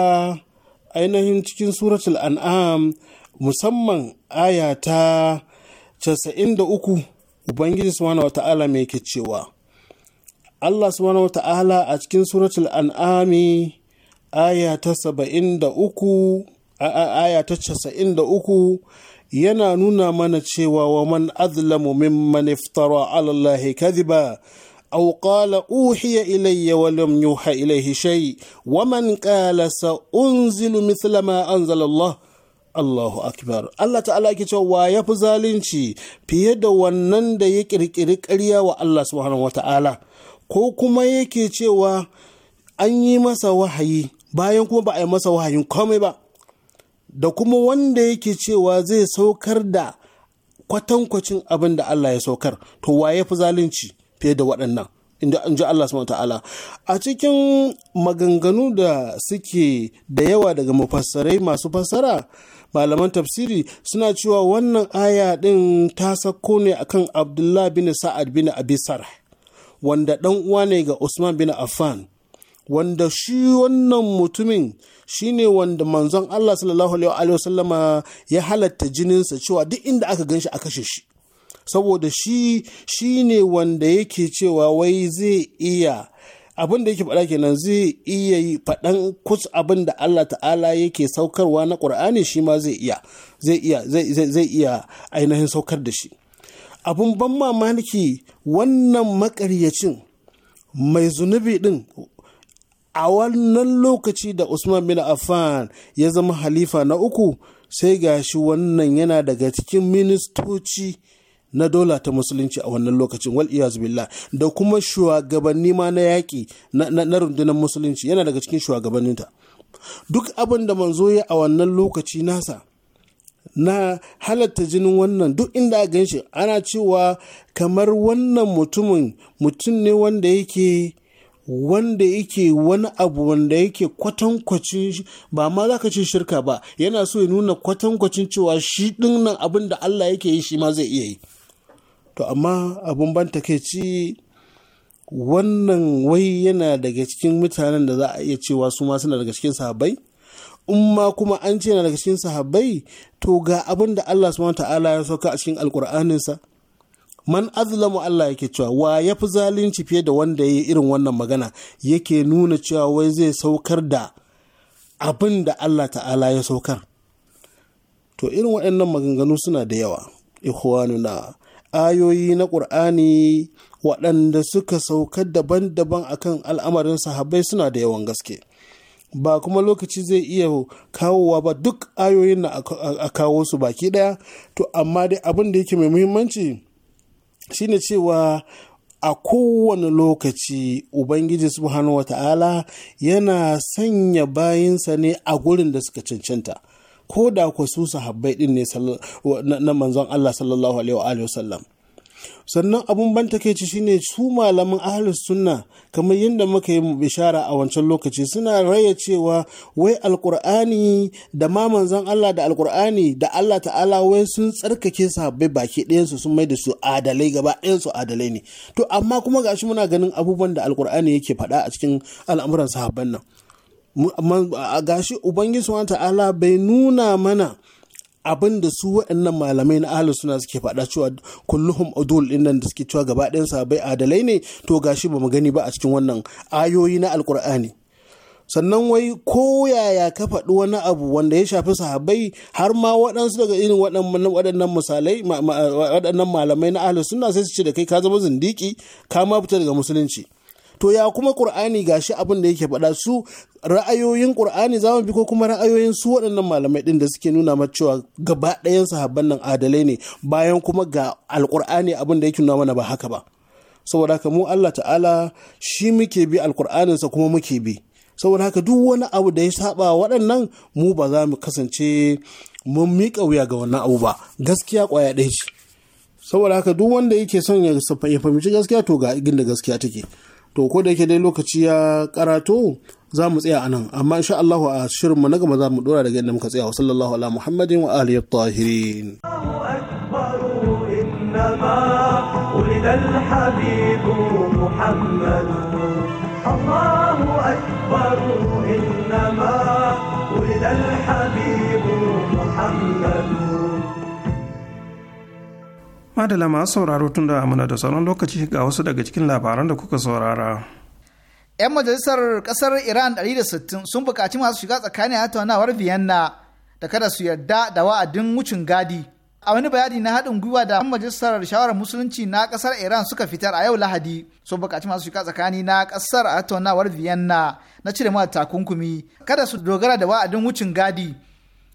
ainihin cikin suratul an'am musamman aya ta 93 ubangiji subhanahu wata'ala mai ke cewa Allah subhanahu wata'ala a cikin suratul an'ami aya ta 73 aya ta 93 yana nuna mana cewa wa man azlamu mimman iftara ala Allah kadhiba أو uhiya أوحي إلي ولم يوحى إليه شيء ومن قال سأنزل مثل ما Allahu akbar Allah ta'ala ke cewa ya fi zalunci fiye da wannan da ya kirkiri ƙarya wa Allah subhanahu wa ta'ala ko kuma yake cewa an yi masa wahayi bayan kuma ba a yi masa wahayin komai ba da kuma wanda yake cewa zai saukar da kwatankwacin abin da Allah ya saukar to wa ya fi zalunci fiye da waɗannan inda an ji Allah subhanahu ta'ala a cikin maganganu da suke da yawa daga mufassarai masu fassara malaman tafsiri suna cewa wannan aya din ta sako ne akan Abdullah bin Sa'ad bin Abi wanda dan uwa ne ga Usman bin Affan wanda shi wannan mutumin shine wanda manzon Allah sallallahu alaihi wasallama ya halatta jininsa cewa duk inda aka ganshi a kashe shi saboda shi shi ne wanda yake cewa wai zai iya abin da yake faɗa kenan zai iya yi faɗan kus abin da Allah ta'ala yake saukarwa na ƙur'ani shi ma zai iya zai iya zai iya ainihin saukar da shi abin ban mamaki wannan makaryacin mai zunubi din a wannan lokaci da Usman bin Affan ya zama halifa na uku sai gashi wannan yana daga cikin ministoci na dola ta musulunci a wannan lokacin wal billah da kuma shugabanni ma na yaƙi na rundunar musulunci yana daga cikin shugabanninta duk abin da manzo ya a wannan lokaci nasa na halatta jinin wannan duk inda a shi ana cewa kamar wannan mutumin mutum ne wanda yake wanda yake wani abu wanda yake kwatankwacin ba ma za ka ce shirka ba yana so ya nuna kwatankwacin cewa shi ɗin nan abin da Allah yake yi shi ma zai iya yi to amma abun ban takeici wannan wai yana daga cikin mutanen da za a iya cewa su ma suna daga cikin sahabbai in ma kuma an ce yana daga cikin sahabbai to ga abin da Allah subhanahu ta'ala ya sauka a cikin sa man azlamu Allah yake cewa wa ya fi zalunci fiye da wanda ya yi irin wannan magana yake nuna cewa wai zai saukar da abin da Allah ta'ala ya saukar to irin waɗannan maganganu suna da yawa ikhwanuna ayoyi na ƙur'ani waɗanda suka sauka daban-daban a kan al'amarin sahabbai suna da yawan gaske ba kuma lokaci zai iya kawowa ba duk ayoyin na a kawo su baki ɗaya to amma dai abin da yake mai muhimmanci shine cewa a kowane lokaci ubangiji subhanahu ta'ala yana sanya bayinsa ne a gurin da suka cancanta ko da ku su sahabbai din ne na manzon Allah sallallahu alaihi wa sallam sannan abun ban takeici shine su malaman ahlus sunna kamar yadda muka yi bishara a wancan lokaci suna raya cewa wai alkur'ani da ma manzon Allah da alkur'ani da Allah ta'ala wai sun tsarkake sahabbai baki ɗayansu sun mai da su adalai gaba ɗayansu adalai ne to amma kuma gashi muna ganin abubuwan da alkur'ani yake faɗa a cikin al'amuran sahabban nan gashi ubangiji subhanahu ta'ala bai nuna mana abin da su waɗannan malamai na ahlus suna suke faɗa cewa kulluhum udul dinnan nan da suke cewa gaba ɗayan sabai adalai ne to gashi ba mu gani ba a cikin wannan ayoyi na alkur'ani sannan wai ko yaya ka faɗi wani abu wanda ya shafi sahabbai har ma waɗansu daga irin waɗannan misalai waɗannan malamai na ahlus suna sai su ce da kai ka zama zindiki ka ma fita daga musulunci to ya kuma qur'ani gashi abin da yake faɗa su ra'ayoyin qur'ani mu bi ko kuma ra'ayoyin su waɗannan malamai ɗin da suke nuna mata cewa gaba ɗayan sahabban nan adalai ne bayan kuma ga alqur'ani abin da yake nuna mana ba haka ba saboda haka mu Allah ta'ala shi muke bi sa kuma muke bi saboda haka duk wani abu da ya saba waɗannan mu ba za mu kasance mun miƙa wuya ga wannan abu ba gaskiya ƙwaya ɗaya ce saboda haka duk wanda yake son ya fahimci gaskiya to ga inda gaskiya take to ko da yake dai lokaci ya karato za mu tsaya anan amma insha Allah a shirin mu na gaba za mu dora daga inda muka tsaya wa sallallahu ala muhammadin wa alihi tahirin madala masu sauraro tun da muna da sauran lokaci ga wasu daga cikin labaran da kuka saurara 'yan majalisar kasar iran 160 sun buƙaci masu shiga tsakanin tattaunawar vienna da kada su yarda da wa'adin wucin gadi a wani bayani na haɗin gwiwa da majalisar shawarar musulunci na ƙasar iran suka fitar a yau lahadi sun buƙaci masu shiga tsakani na ƙasar a tattaunawar vienna na cire mata takunkumi kada su dogara da wa'adin wucin gadi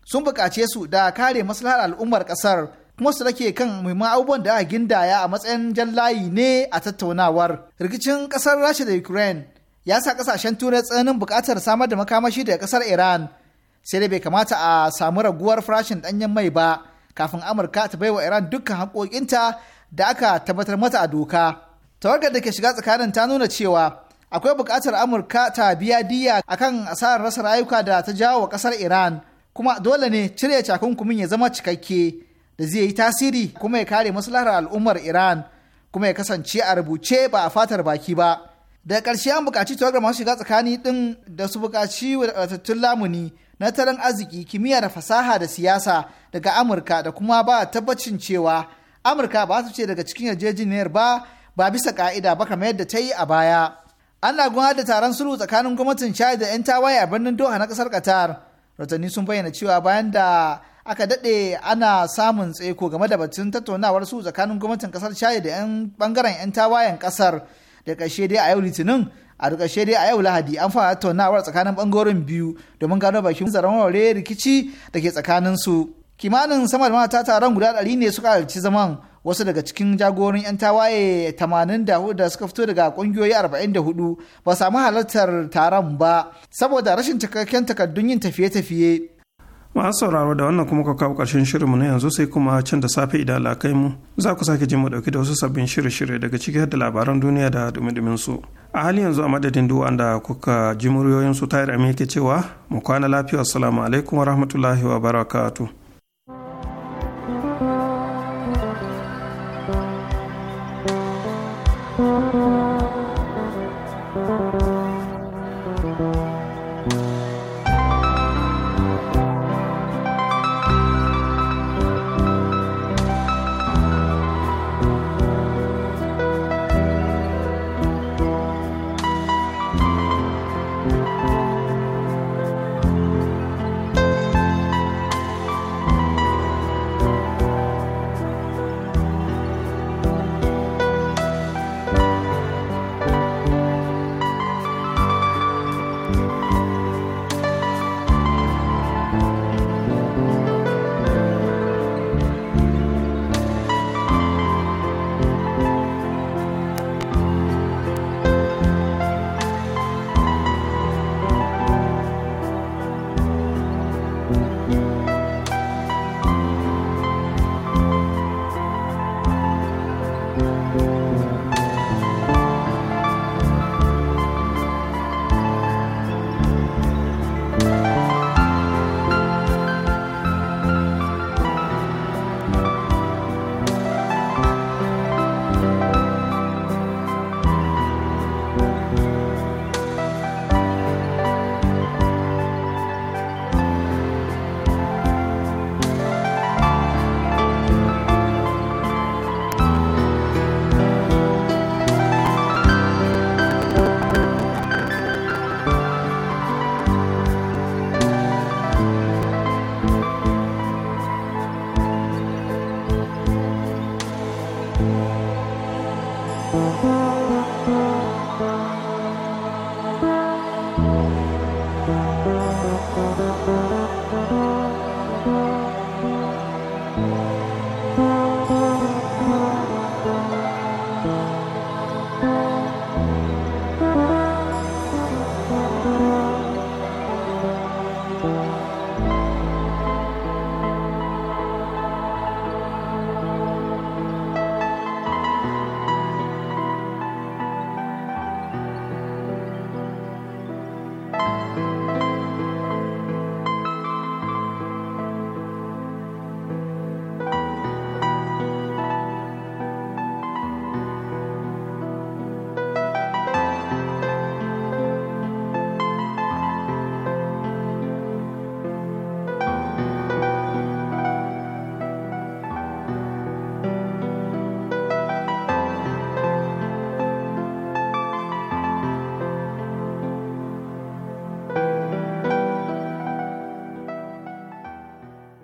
sun buƙace su da kare maslahar al'ummar ƙasar kuma su rake kan muhimman abubuwan da aka gindaya a matsayin jan layi ne a tattaunawar. Rikicin ƙasar Rasha da Ukraine ya sa ƙasashen Turai tsananin bukatar samar da makamashi daga ƙasar Iran. Sai dai bai kamata a samu raguwar farashin ɗanyen mai ba kafin Amurka ta baiwa Iran dukkan haƙoƙinta da aka tabbatar mata a doka. Tawagar da ke shiga tsakanin ta nuna cewa akwai bukatar Amurka ta biya diya akan asarar rasa rayuka da ta jawo wa ƙasar Iran kuma dole ne cire takunkumin ya zama cikakke. da zai yi tasiri kuma ya kare maslahar al'ummar Iran kuma ya kasance a rubuce ba a fatar baki ba. Da karshe an buƙaci tawagar masu shiga tsakani ɗin da su buƙaci wadatattun lamuni na taron arziki, kimiyya da fasaha da siyasa daga Amurka da kuma ba tabbacin cewa Amurka ba su ce daga cikin yarjejeniyar ba ba bisa ka'ida ba kamar yadda ta yi a baya. Ana gudanar da taron sulhu tsakanin gwamnatin Chad da 'yan tawaye a birnin Doha na ƙasar Qatar. Rahotanni sun bayyana cewa bayan da aka daɗe ana samun tseko game da batun tattaunawar su tsakanin gwamnatin kasar chad da 'yan bangaren 'yan tawayen kasar da ƙarshe dai a yau litinin a ƙarshe dai a yau lahadi an fara tattaunawar tsakanin bangarorin biyu domin gano bakin zaren warware rikici da ke tsakanin su kimanin sama da mata taron guda ɗari ne suka halarci zaman wasu daga cikin jagorin 'yan tawaye 84 da suka fito daga kungiyoyi 44 ba samu halartar taron ba saboda rashin cikakken takardun yin tafiye-tafiye masu sauraro da wannan kuma ka kawo ƙarshen shirinmu na yanzu sai kuma can da safe idan alakai mu za ku sake jin mu ɗauki da wasu sabbin shirye-shirye daga ciki da labaran duniya da dumi su a hali yanzu a madadin duwa da kuka ji muryoyin su tayar ke cewa mu kwana lafiya assalamu alaikum wa rahmatullahi wa barakatu.